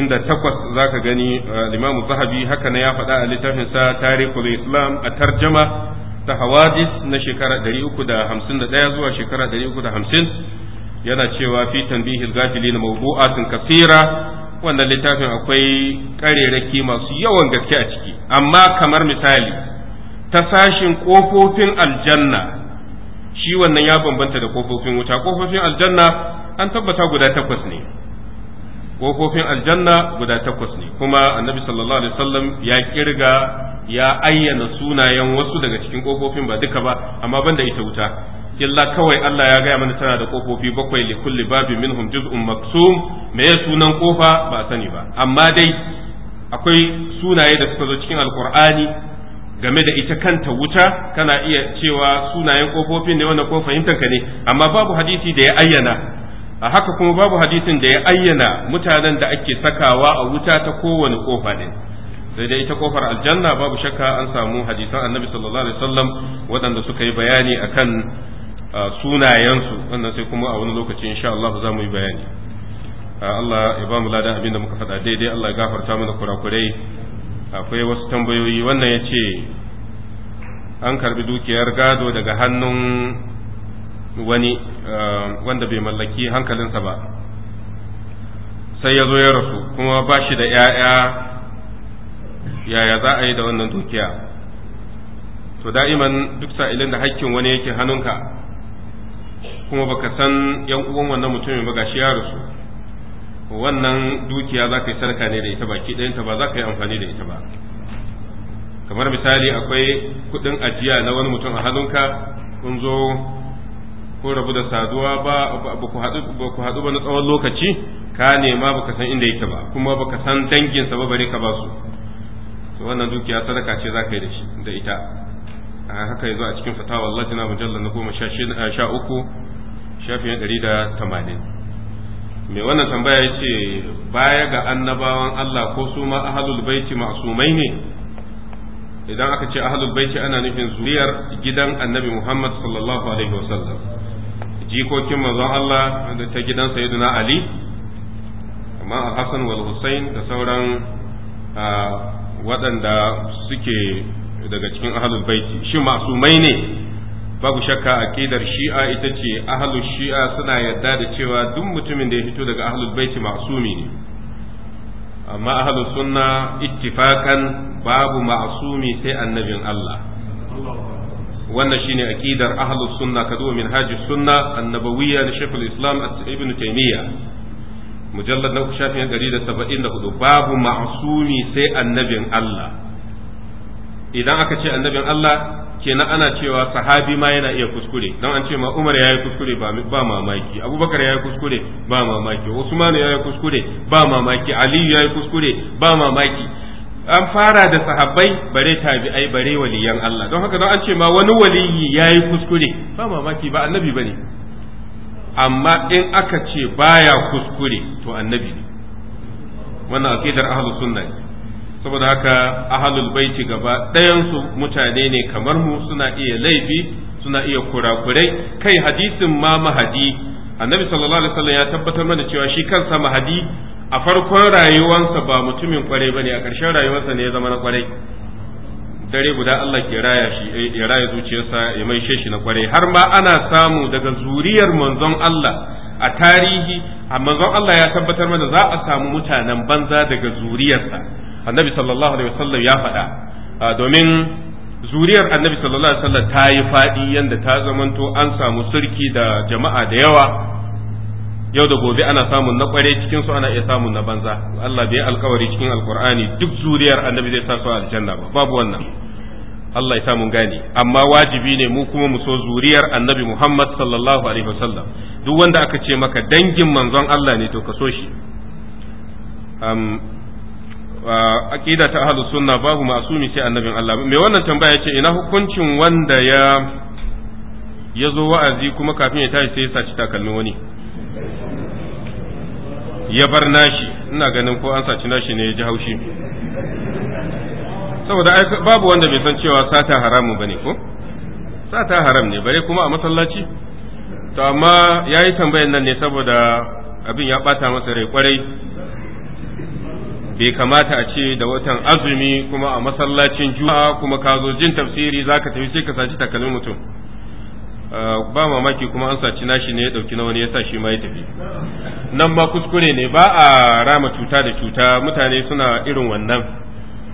B: da takwas za ka gani uh, limamu Zahabi haka na ya faɗa a littafin sa Tarikhul Islam a tarjama ta hawadis na shekara uku da da hamsin ɗaya zuwa shekara uku da hamsin. yana cewa fi tanbihil ghafilin mawdu'atun kaseera wannan littafin akwai karerake masu yawan gaske a ciki amma kamar misali ta sashin kofofin aljanna shi wannan ya bambanta da kofofin wuta kofofin aljanna an tabbata guda takwas ne kofofin aljanna guda takwas ne kuma annabi sallallahu alaihi wasallam ya kirga ya ayyana sunayen wasu daga cikin kofofin ba duka ba amma banda ita wuta illa kawai Allah ya gaya mana tana da kofofi bakwai li kulli babin minhum juz'un maksum me sunan kofa ba sani ba amma dai akwai sunaye da suka zo cikin alqur'ani game da ita kanta wuta kana iya cewa sunayen ƙofofin ne wannan ko fahimtanka ne amma babu hadisi da ya ayyana a haka kuma babu hadisin da ya ayyana mutanen da ake sakawa a wuta ta kowane kofa ne sai dai ita kofar aljanna babu shakka an samu hadisan annabi sallallahu alaihi wasallam waɗanda suka yi bayani akan sunayensu wannan sai kuma a wani lokaci insha Allah za mu yi bayani Allah ya ba mu ladan abin da muka faɗa daidai Allah ya gafarta mana kurakurai akwai wasu tambayoyi wannan ya ce an karbi dukiyar gado daga hannun wani eh, wanda bai mallaki hankalinsa ba sai ya zo ya rasu kuma ba shi da ‘ya'ya yaya za a yi da wannan dukiya to da'iman duk sa'ilin da hakkin wani yake hannunka kuma baka san ‘yan uwan wannan mutumin ba gashi ya rasu wannan dukiya za ka yi sarka ne da ita baki ɗayanta ba za ka yi amfani da ita ba kamar misali akwai kuɗin ajiya na wani mutum a hannunka kun zo ko rabu da saduwa ba ba ku haɗu ba na tsawon lokaci ka nema baka san inda yake ba kuma baka san danginsa ba bare ka ba su to wannan dukiya sadaka ce za ka yi da ita haka yanzu a cikin fatawa Allah na mujalla na goma sha uku shafin ɗari da tamanin mai wannan tambaya ya ce baya ga annabawan Allah ko su ma ahalul baiti masumai ne idan aka ce ahalul baiti ana nufin zuriyar gidan annabi Muhammad sallallahu alaihi wasallam jikokin manzon Allah da ta gidan sayyidina Ali amma al-Hassan wal Hussein da sauran ah, waɗanda suke daga cikin ahlul baiti shi masumai ne babu shakka aqidar shi'a ita ce ahlul shi'a suna yarda da cewa duk mutumin da ya fito daga ahlul baiti masumi ne amma ahlus sunna ittifakan babu masumi sai annabin
A: Allah wannan shine aqidar ahlus sunna ka min hajji sunna annabawiyya na shaykhul islam ibn taymiya
B: mujallad na shafin 174 babu ma'sumi sai annabin Allah idan aka ce annabin Allah kenan ana cewa sahabi ma yana iya kuskure don an ce ma Umar yayi kuskure ba mamaki Abubakar yayi kuskure ba mamaki Usman yayi kuskure ba mamaki Ali yayi kuskure ba mamaki an fara da sahabbai bare tabi'ai bare waliyan Allah don haka don an ce ma wani waliyi yayi kuskure ba mamaki ba annabi bane amma in aka ce baya kuskure to annabi ne wannan aqidar ahlus sunna ne saboda haka ahlul baiti gaba ɗayan su mutane ne kamar mu suna iya laifi suna iya kurakurai kai hadisin ma mahadi annabi sallallahu alaihi wasallam ya tabbatar mana cewa shi kansa mahadi a farkon rayuwansa ba mutumin kwarai bane a ƙarshen rayuwarsa ne ya zama na kwarai dare guda Allah ke raya shi eh, ya raya zuciyarsa ya mai shi na kwarai har ma ana samu daga zuriyar manzon Allah a tarihi a manzon Allah ya tabbatar mana za a samu mutanen banza daga zuriyarsa annabi sallallahu alaihi wasallam ya faɗa domin zuriyar annabi sallallahu alaihi wasallam ta yi faɗi yanda ta zamanto an samu sirki da jama'a da yawa yau da gobe ana samun na kware cikin su ana iya samun na banza Allah bai alkawari cikin alkur'ani duk zuriyar annabi zai sa su aljanna ba babu wannan Allah ya sa mun gane amma wajibi ne mu kuma mu so zuriyar annabi Muhammad sallallahu alaihi wasallam duk wanda aka ce maka dangin manzon Allah ne to ka so shi um, aqida ta ahlus sunna babu ma'sumi sai annabin Allah me wannan tambaya ce ina hukuncin wanda ya ya zo wa'azi kuma kafin ya tashi sai ya saci takalmin wani ya bar nashi ina ganin ko an saci nashi ne ya ji haushi saboda babu wanda bai san cewa sata ba bane ko sata haram ne bare kuma a masallaci to amma yayi tambayan nan ne saboda abin ya bata masa rai kwarai bai kamata a ce da watan azumi kuma a masallacin juma'a kuma ka zo jin tafsiri zaka tafi sai ka saci takalmin mutum Ah, ba mamaki kuma an saci nashi ne ya dauki na wani ya sa shi ma ya tafi nan ba kuskure ne ba a rama cuta da cuta mutane suna irin wannan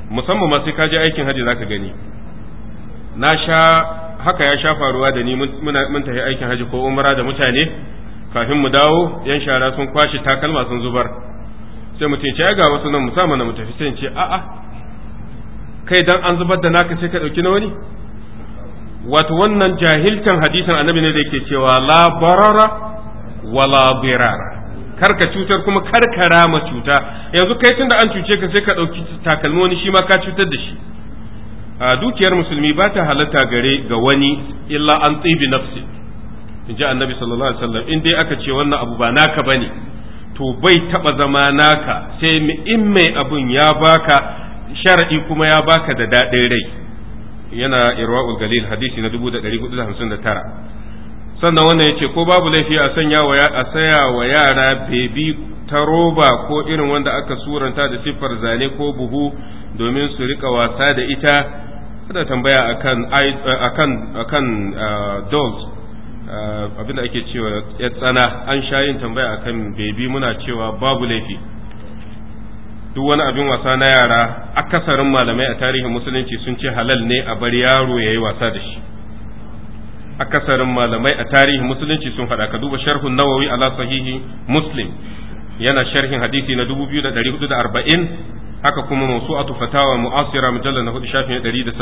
B: musamman ma sai kaje aikin haji zaka gani na sha haka ya sha faruwa da ni mun tafi aikin haji ko umara da mutane kafin mu dawo yan shara sun kwashi takalma sun zubar sai mu ce ga wasu nan musamman mu tafi sai ce a'a kai dan an zubar da naka sai ka dauki na wani wato wannan jahiltan hadisin annabi ne da yake cewa la barara wala birara kar ka cutar kuma karka rama cuta yanzu kai tunda an cuce ka sai ka ɗauki takalmi wani shi ma ka cutar da shi a dukiyar musulmi ba ta halatta gare ga wani illa an tsibi nafsi in ji annabi sallallahu alaihi wasallam in dai aka ce wannan abu ba naka bane to bai taba zama naka sai in mai abun ya baka shar'i kuma ya baka da daɗin rai yana irwa'ul galil hadisi na 1459 sannan wannan yace ko babu laifi a sanya wa a saya wa yara bebi ta roba ko irin wanda aka suranta da siffar zane ko buhu domin su rika wasa da ita kada tambaya akan akan akan dolls abinda ake cewa ya tsana an sha yin tambaya akan bebi muna cewa babu laifi duk wani abin wasa na yara akasarin malamai a tarihin musulunci sun ce halal ne a bar yaro ya yi wasa da shi akasarin malamai a tarihin musulunci sun faɗa ka duba sharhun nawawi ala sahihi muslim yana sharhin hadisi na 2440 haka kuma mawsu'atu fatawa mu'asira mujallal na hudu shafin 176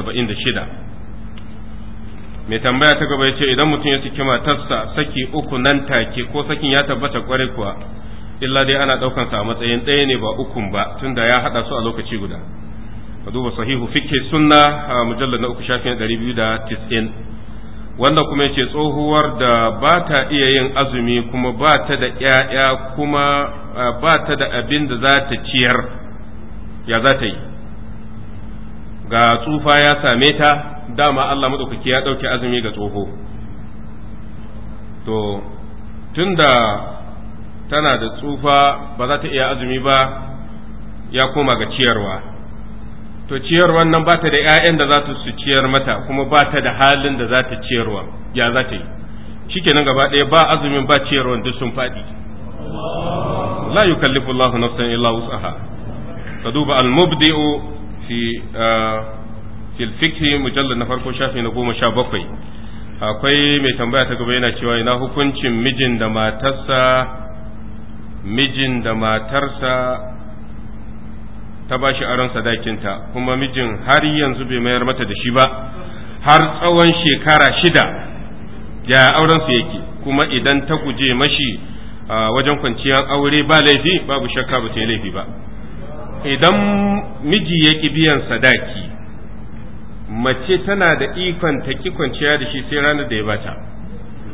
B: mai tambaya ta gaba ya ce idan mutum ya saki matarsa saki uku nan take ko sakin ya tabbata kwarai kuwa illa dai ana ɗaukan sa a matsayin ɗaya ne ba ukun ba tunda ya haɗa su a lokaci guda ka duba sahihu fikke sunna a mujallar na uku shafin ɗari biyu da tis'in wanda kuma yace tsohuwar da ba ta iya yin azumi kuma ba ta da ƴaƴa kuma ba ta da abin da za ta ciyar ya za ta yi ga tsufa ya same ta dama Allah madaukaki ya ɗauke azumi ga tsoho to tunda tana da tsufa ba za ta iya azumi ba ya koma ga ciyarwa to ciyarwan nan ba ta da 'ya'yan da za ta su ciyar mata kuma ba ta da halin da za ta ciyarwa ya za ta yi kenan gaba ɗaya ba azumin ba ciyarwan duk sun faɗi la yukallifu Allahu nafsan illa wus'aha ka al-mubdi'u fi uh, fil na farko shafi na goma sha bakwai akwai mai tambaya ta gaba yana cewa ina hukuncin mijin da matarsa mijin da matarsa ta ba shi aron sadakinta kuma mijin har yanzu bai mayar mata da shi ba har tsawon shekara shida ya aurensu yake kuma idan ta guje mashi wajen kwanciyar aure ba laifi babu shakka ba ta yi laifi ba idan miji ya ki biyan sadaki mace tana da ikon ta ki kwanciya da shi sai ranar da ya bata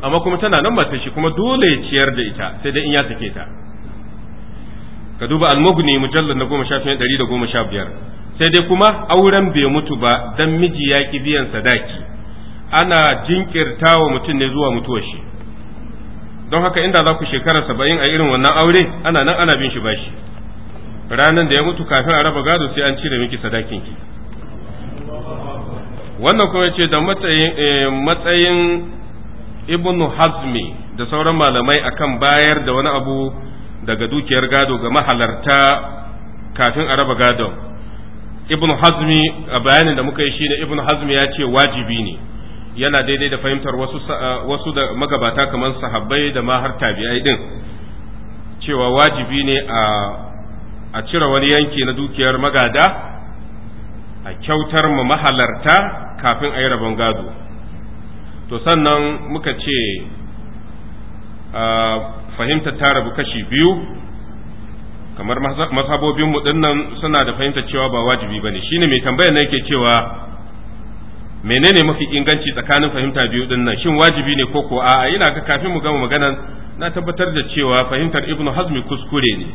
B: amma kuma tana nan ta shi kuma dole ya ciyar da ita sai dai in ya sake ta ka duba al mujallad na biyar sai dai kuma auren bai mutu ba dan miji ya ki biyan sadaki ana jinkirta wa mutum ne zuwa mutuwar shi don haka inda za ku shekara saba'in a irin wannan aure ana nan ana bin shi bashi ranar da ya mutu kafin a raba gado sai an cire miki sadakin ki wannan kuma yace da matsayin eh, ibnu hazmi da sauran malamai akan bayar da wani abu daga dukiyar gado ga mahalarta kafin a raba gadon ibn hazmi a bayanin da muka yi shine ibn hazmi ya ce wajibi ne yana daidai da fahimtar wasu wasu da magabata kamar sahabbai da ma har tabi'ai din cewa wajibi ne a a cire wani yanki na dukiyar magada a kyautar ma mahalarta kafin a yi rabon gado to sannan muka ce fahimtar ta rabu kashi biyu kamar mu dinnan suna da fahimtar cewa ba wajibi bane shine mai tambayar na yake cewa menene mafi inganci tsakanin fahimta biyu dinnan shin wajibi ne ko ko a'a ina ga kafin mu gama magana na tabbatar da cewa fahimtar ibnu hazmi kuskure ne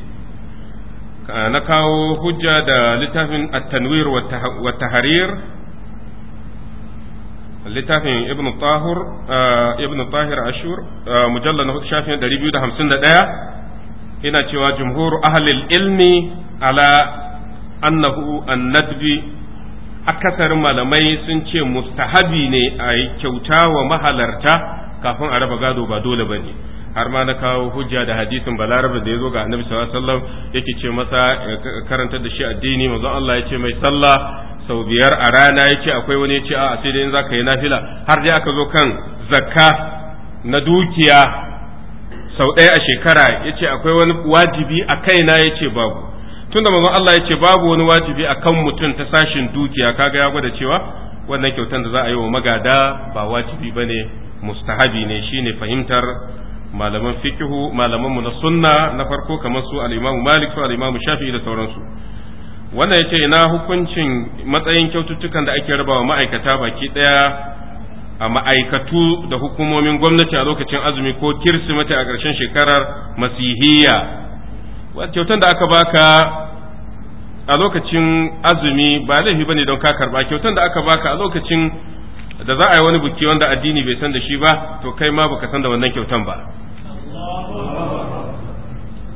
B: na kawo hujja da littafin at-tanwir wa tahrir littafin ibn tahur eh, ibn tahir ashur eh, mujallal na shafin 251 ina cewa jumhur ahlil ilmi ala annahu nadbi akasar malamai sun ce mustahabi ne a yi kyauta wa mahalarta kafin a raba gado ba dole ba ne har ma na kawo hujja da hadisin balarabe da ya zo ga annabi sallallahu alaihi wasallam yake ce masa eh, karantar da shi addini manzo Allah ya ce mai sallah sau biyar a rana ce akwai wani ce a sai dai za ka yi nafila har dai aka zo kan zakka na dukiya sau ɗaya a shekara ya ce akwai wani wajibi a kaina ce babu tun da mazan Allah ya ce babu wani wajibi a kan mutum ta sashin dukiya kaga ya gwada cewa wannan kyautar da za a yi wa magada ba wajibi ba ne mustahabi ne shi ne fahimtar malaman fikihu malamanmu na sunna na farko kamar su al'imamu Malik su al'imamu shafi da sauransu wannan yake ina hukuncin matsayin kyaututtukan da ake rabawa ma'aikata baki daya a ma'aikatu da hukumomin gwamnati a lokacin azumi ko kirsimati a ƙarshen shekarar masihiyya kyautan da aka baka a lokacin azumi ba laifi bane don ka karba kyautan da aka baka a lokacin da za a yi wani buki wanda addini bai san da shi ba to kai ma baka san da wannan kyautan ba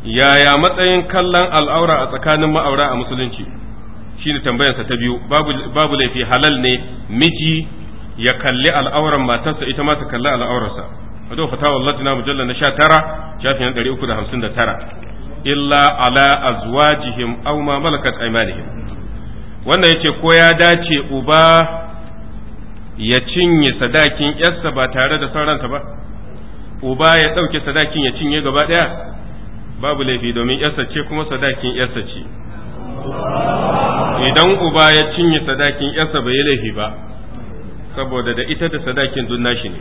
B: yaya matsayin kallon al'aura a tsakanin ma'aura a musulunci shine tambayarsa ta biyu babu laifi halal ne miji ya kalli al'auran matarsa ita ma ta kalli al'aurarsa wato fatawa lajna mujallal na sha tara shafin tara illa ala azwajihim aw ma malakat aymanihim wannan yace ko ya dace uba ya cinye sadakin yarsa ba tare da sauranta ba uba ya ɗauke sadakin ya cinye gaba ɗaya. babu laifi domin yarsa ce kuma sadakin yarsa ce idan uba ya cinye sadakin yarsa bai laifi ba saboda da ita da sadakin duk nashi ne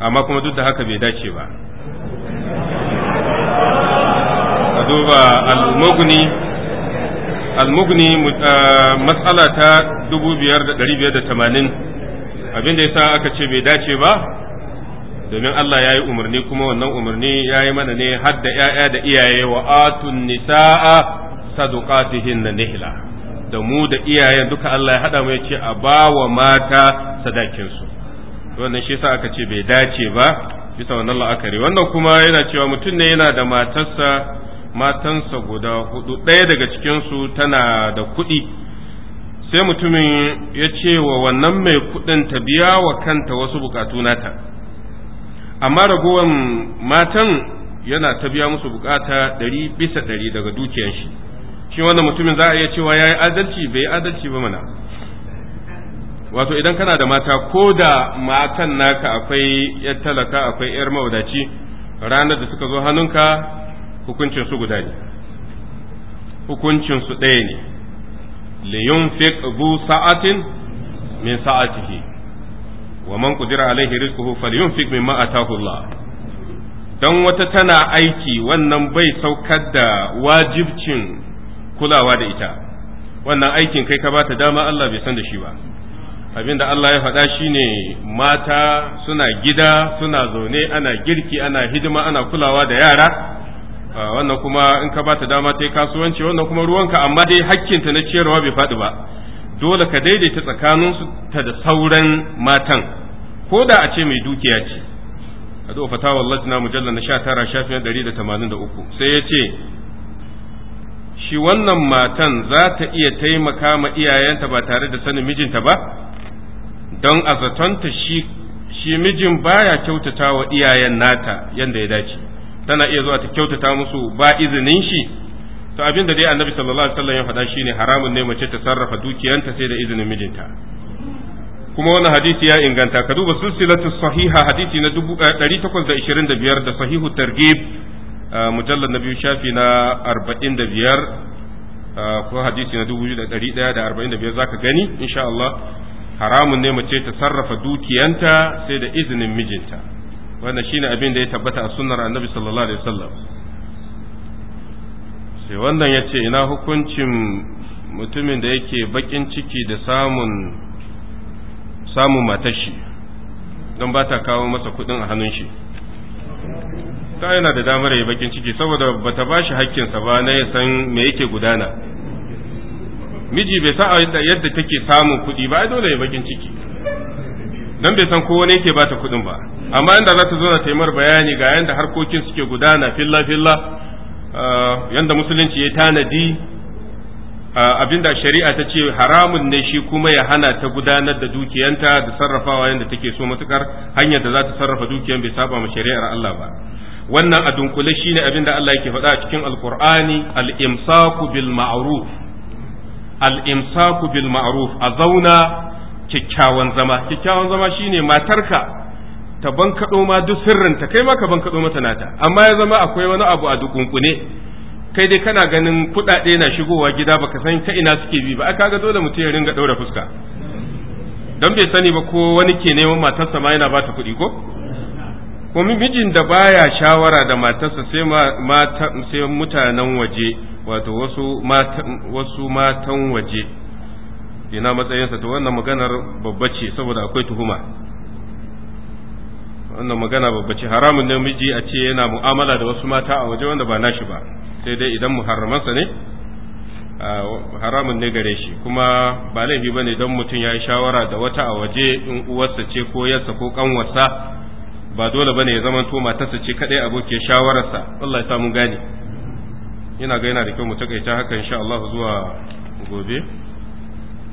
B: amma kuma duk da haka bai dace ba a duba al-mughni al-mughni uh, matsala ta 2580 abinda yasa aka ce bai dace ba domin Allah ya yi umarni kuma wannan umarni ya yi mana ne har ‘ya'ya da iyaye wa atun nisa'a sadukatihin na nihila da mu da iyayen duka Allah ya haɗa mu ya ce a ba wa mata sadakinsu wannan shi sa aka ce bai dace ba bisa wannan la'akari wannan kuma yana cewa mutum ne yana da matarsa matansa guda hudu ɗaya daga cikinsu tana da kuɗi sai mutumin ya ce wa wannan mai kuɗin ta biya wa kanta wasu bukatu nata amma ragowar matan yana ta biya musu bukata ɗari bisa ɗari daga dukiyar shi shi wannan mutumin za a iya cewa ya yi adalci bai adalci ba mana wato idan kana da mata ko da matan naka akwai yar talaka akwai yar mawadaci ranar da suka zo hannunka hukuncin su guda ne hukuncin su ɗaya ne liyun fiq bu sa'atin min sa'atihi wa man qudira alaihi rizquhu falyunfiq mimma atahu Allah dan wata tana aiki wannan bai saukar da wajibcin kulawa da ita wannan aikin kai ka bata dama Allah bai san da shi ba abinda Allah ya faɗa shine mata suna gida suna zaune ana girki ana hidima ana kulawa da yara ah, wannan kuma in ka bata dama ta yi kasuwanci wannan kuma ruwanka amma dai hakkinta na ciyarwa bai faɗi ba dole ka daidaita tsakaninsu ta da sauran matan ko da a ce mai dukiya ce a zo wa latina mujallar na sha tara shafin dari da tamanin da uku sai ya ce shi wannan matan za ta iya taimaka ma iyayenta ba tare da sanin mijinta ba don a zatonta shi shi mijin baya kyautata wa iyayen nata yadda ya dace tana iya zuwa ta kyautata musu ba izinin shi to abin da dai annabi sallallahu alaihi wasallam ya faɗa shine haramun ne mace ta sarrafa dukiyanta sai da izinin mijinta kuma wannan hadisi ya inganta ka duba silsilatu sahiha hadisi na 1825 eh, da sahihu targhib eh, mujallad na biyu shafi na 45 eh, ko hadisi na 2145 zaka gani insha Allah haramun ne mace ta sarrafa dukiyanta sai da izinin mijinta wannan shine abin da ya tabbata a sunnar annabi sallallahu alaihi wasallam wannan ya ce ina hukuncin mutumin da yake bakin ciki da samun samun matashi don ba ta kawo masa kudin a hannun shi ta yana da damar ya bakin ciki saboda ba ta ba shi hakkinsa ba na ya san me yake gudana miji bai sa yadda take samun kudi ba dole ya bakin ciki don bai san kowane yake bata kudin ba amma inda za ta zo na taimar bayani ga yanda harkokin suke gudana filla filla Eh, yanda musulunci ya tanadi eh, abinda shari'a ta ce haramun ne shi kuma ya hana ta gudanar da dukiyanta da sarrafawa yadda take so matukar hanyar da za ta sarrafa dukiyan bai saba ma shari'ar Allah ba wannan a dunkule shine abin da Allah yake faɗa a cikin alkur'ani al-imsaku bil ma'ruf al-imsaku bil ma'ruf a zauna kyakkyawan zama kyakkyawan zama shine matarka ta bankaɗo ma duk sirrinta kai ma ka bankaɗo mata nata amma ya zama akwai wani abu a dukunkune kai dai kana ganin kuɗaɗe na shigowa gida baka san ta ina suke bi ba aka ga dole mutum ya ringa ɗaura fuska don bai sani ba ko wani ke neman matarsa ma yana bata kuɗi ko ko mijin da baya shawara da matarsa sai mata sai mutanen waje wato wasu wasu matan waje ina matsayinsa to wannan maganar babba ce saboda akwai tuhuma wannan magana babba ce haramun namiji a ce yana mu'amala da wasu mata a waje wanda ba nashi ba sai dai idan muharramansa ne haramun ne gare shi kuma ba laifi ba ne don mutum ya yi shawara da wata a waje in uwarsa ce ko yarsa ko kanwarsa ba dole ba ne ya zama to matarsa ce kadai abokin shawararsa Allah ya samu gani ina ga yana da kyau mu takaita haka insha Allah zuwa gobe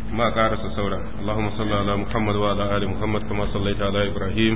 B: ما قارس Allahumma salli ala Muhammad wa ala ali Muhammad kama sallaita ala Ibrahim